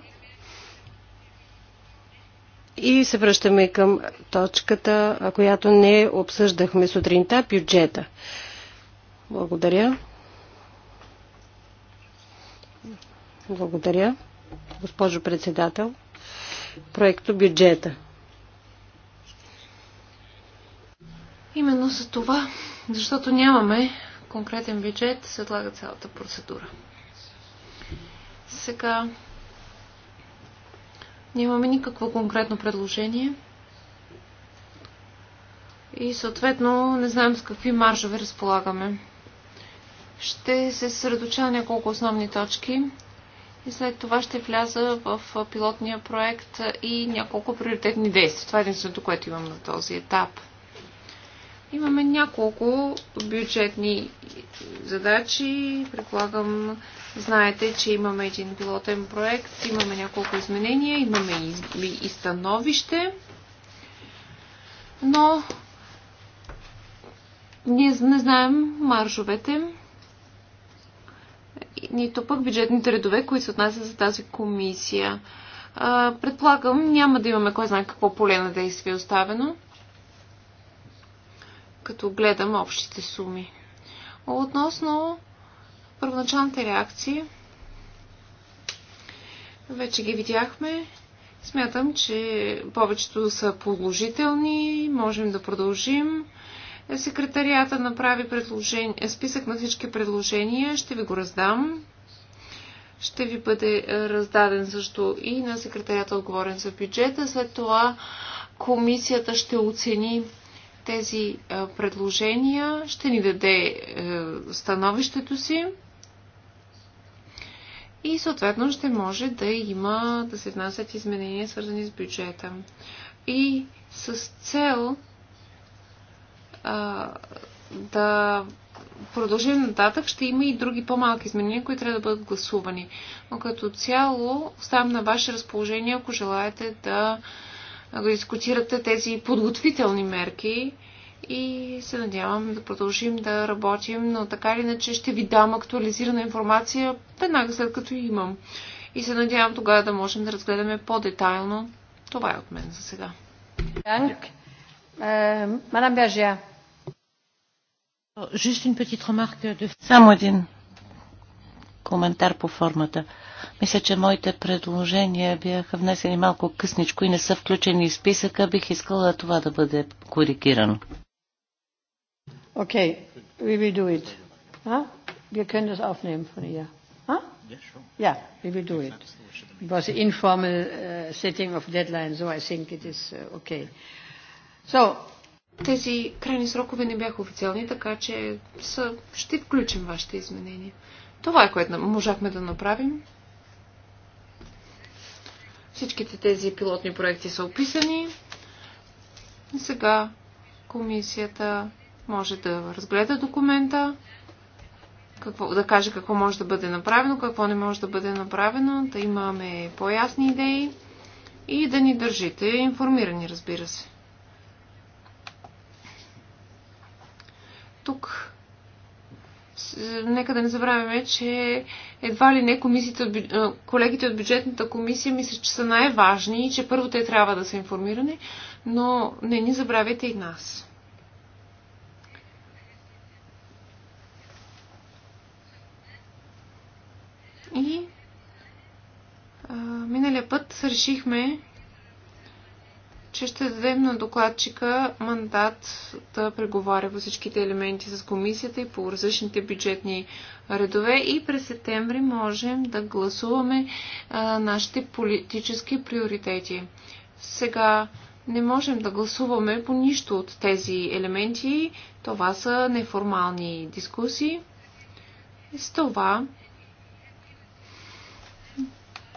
И се връщаме към точката, която не обсъждахме сутринта бюджета. Благодаря. Благодаря, госпожо председател проекто бюджета. Именно за това, защото нямаме конкретен бюджет, се отлага цялата процедура. Сега нямаме никакво конкретно предложение и съответно не знаем с какви маржове разполагаме. Ще се съсредоча няколко основни точки и след това ще вляза в пилотния проект и няколко приоритетни действия. Това е единственото, което имам на този етап. Имаме няколко бюджетни задачи. Предполагам, знаете, че имаме един пилотен проект, имаме няколко изменения, имаме и, и становище. Но ние не знаем маржовете, нито пък бюджетните редове, които се отнасят за тази комисия. Предполагам, няма да имаме кой знае какво поле на действие оставено, като гледам общите суми. Относно първоначалните реакции, вече ги видяхме. Смятам, че повечето са положителни, можем да продължим Секретарията направи предложение, списък на всички предложения. Ще ви го раздам. Ще ви бъде е, раздаден също и на секретарията отговорен за бюджета. След това комисията ще оцени тези е, предложения, ще ни даде е, становището си и съответно ще може да има, да се внасят изменения, свързани с бюджета. И с цел да продължим нататък, ще има и други по-малки изменения, които трябва да бъдат гласувани. Но като цяло оставам на ваше разположение, ако желаете да дискутирате тези подготвителни мерки и се надявам да продължим да работим, но така или иначе ще ви дам актуализирана информация веднага след като имам. И се надявам тогава да можем да разгледаме по-детайлно. Това е от мен за сега. Е, мадам Бержия. Само един коментар по формата. Мисля, че моите предложения бяха внесени малко късничко и не са включени в списъка. Бих искала това да бъде коригирано. Окей, okay, we will do it. Huh? Wir können das aufnehmen von we will do it. It was informal uh, setting of deadline, so I think it is uh, okay. So, тези крайни срокове не бяха официални, така че са... ще включим вашите изменения. Това е което можахме да направим. Всичките тези пилотни проекти са описани. и Сега комисията може да разгледа документа, какво, да каже какво може да бъде направено, какво не може да бъде направено, да имаме по-ясни идеи и да ни държите информирани, разбира се. Тук нека да не забравяме, че едва ли не комисията колегите от бюджетната комисия мисля, че са най-важни и че първо те трябва да са информирани, но не ни забравяйте и нас. И а, миналия път решихме че ще дадем на докладчика мандат да преговаря по всичките елементи с комисията и по различните бюджетни редове и през септември можем да гласуваме а, нашите политически приоритети. Сега не можем да гласуваме по нищо от тези елементи. Това са неформални дискусии. С това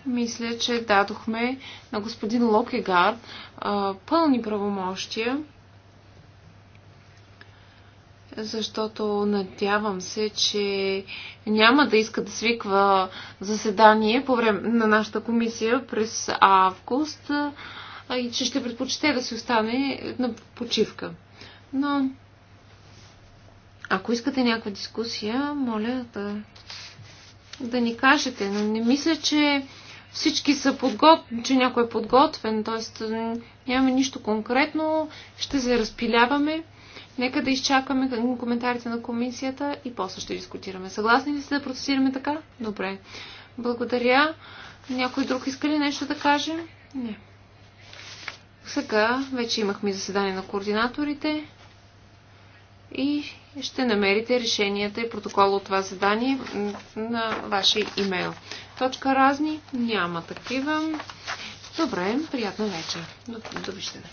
мисля, че дадохме на господин Локегар пълни правомощия, защото надявам се, че няма да иска да свиква заседание по време на нашата комисия през август и че ще предпочете да си остане на почивка. Но ако искате някаква дискусия, моля да, да ни кажете. Но не мисля, че всички са подготвени, че някой е подготвен, т.е. нямаме нищо конкретно, ще се разпиляваме. Нека да изчакаме коментарите на комисията и после ще дискутираме. Съгласни ли сте да процесираме така? Добре. Благодаря. Някой друг иска ли нещо да каже? Не. Сега вече имахме заседание на координаторите и ще намерите решенията и протокола от това задание на вашия имейл. Точка разни? Няма такива. Добре, приятна вечер. Довиждане.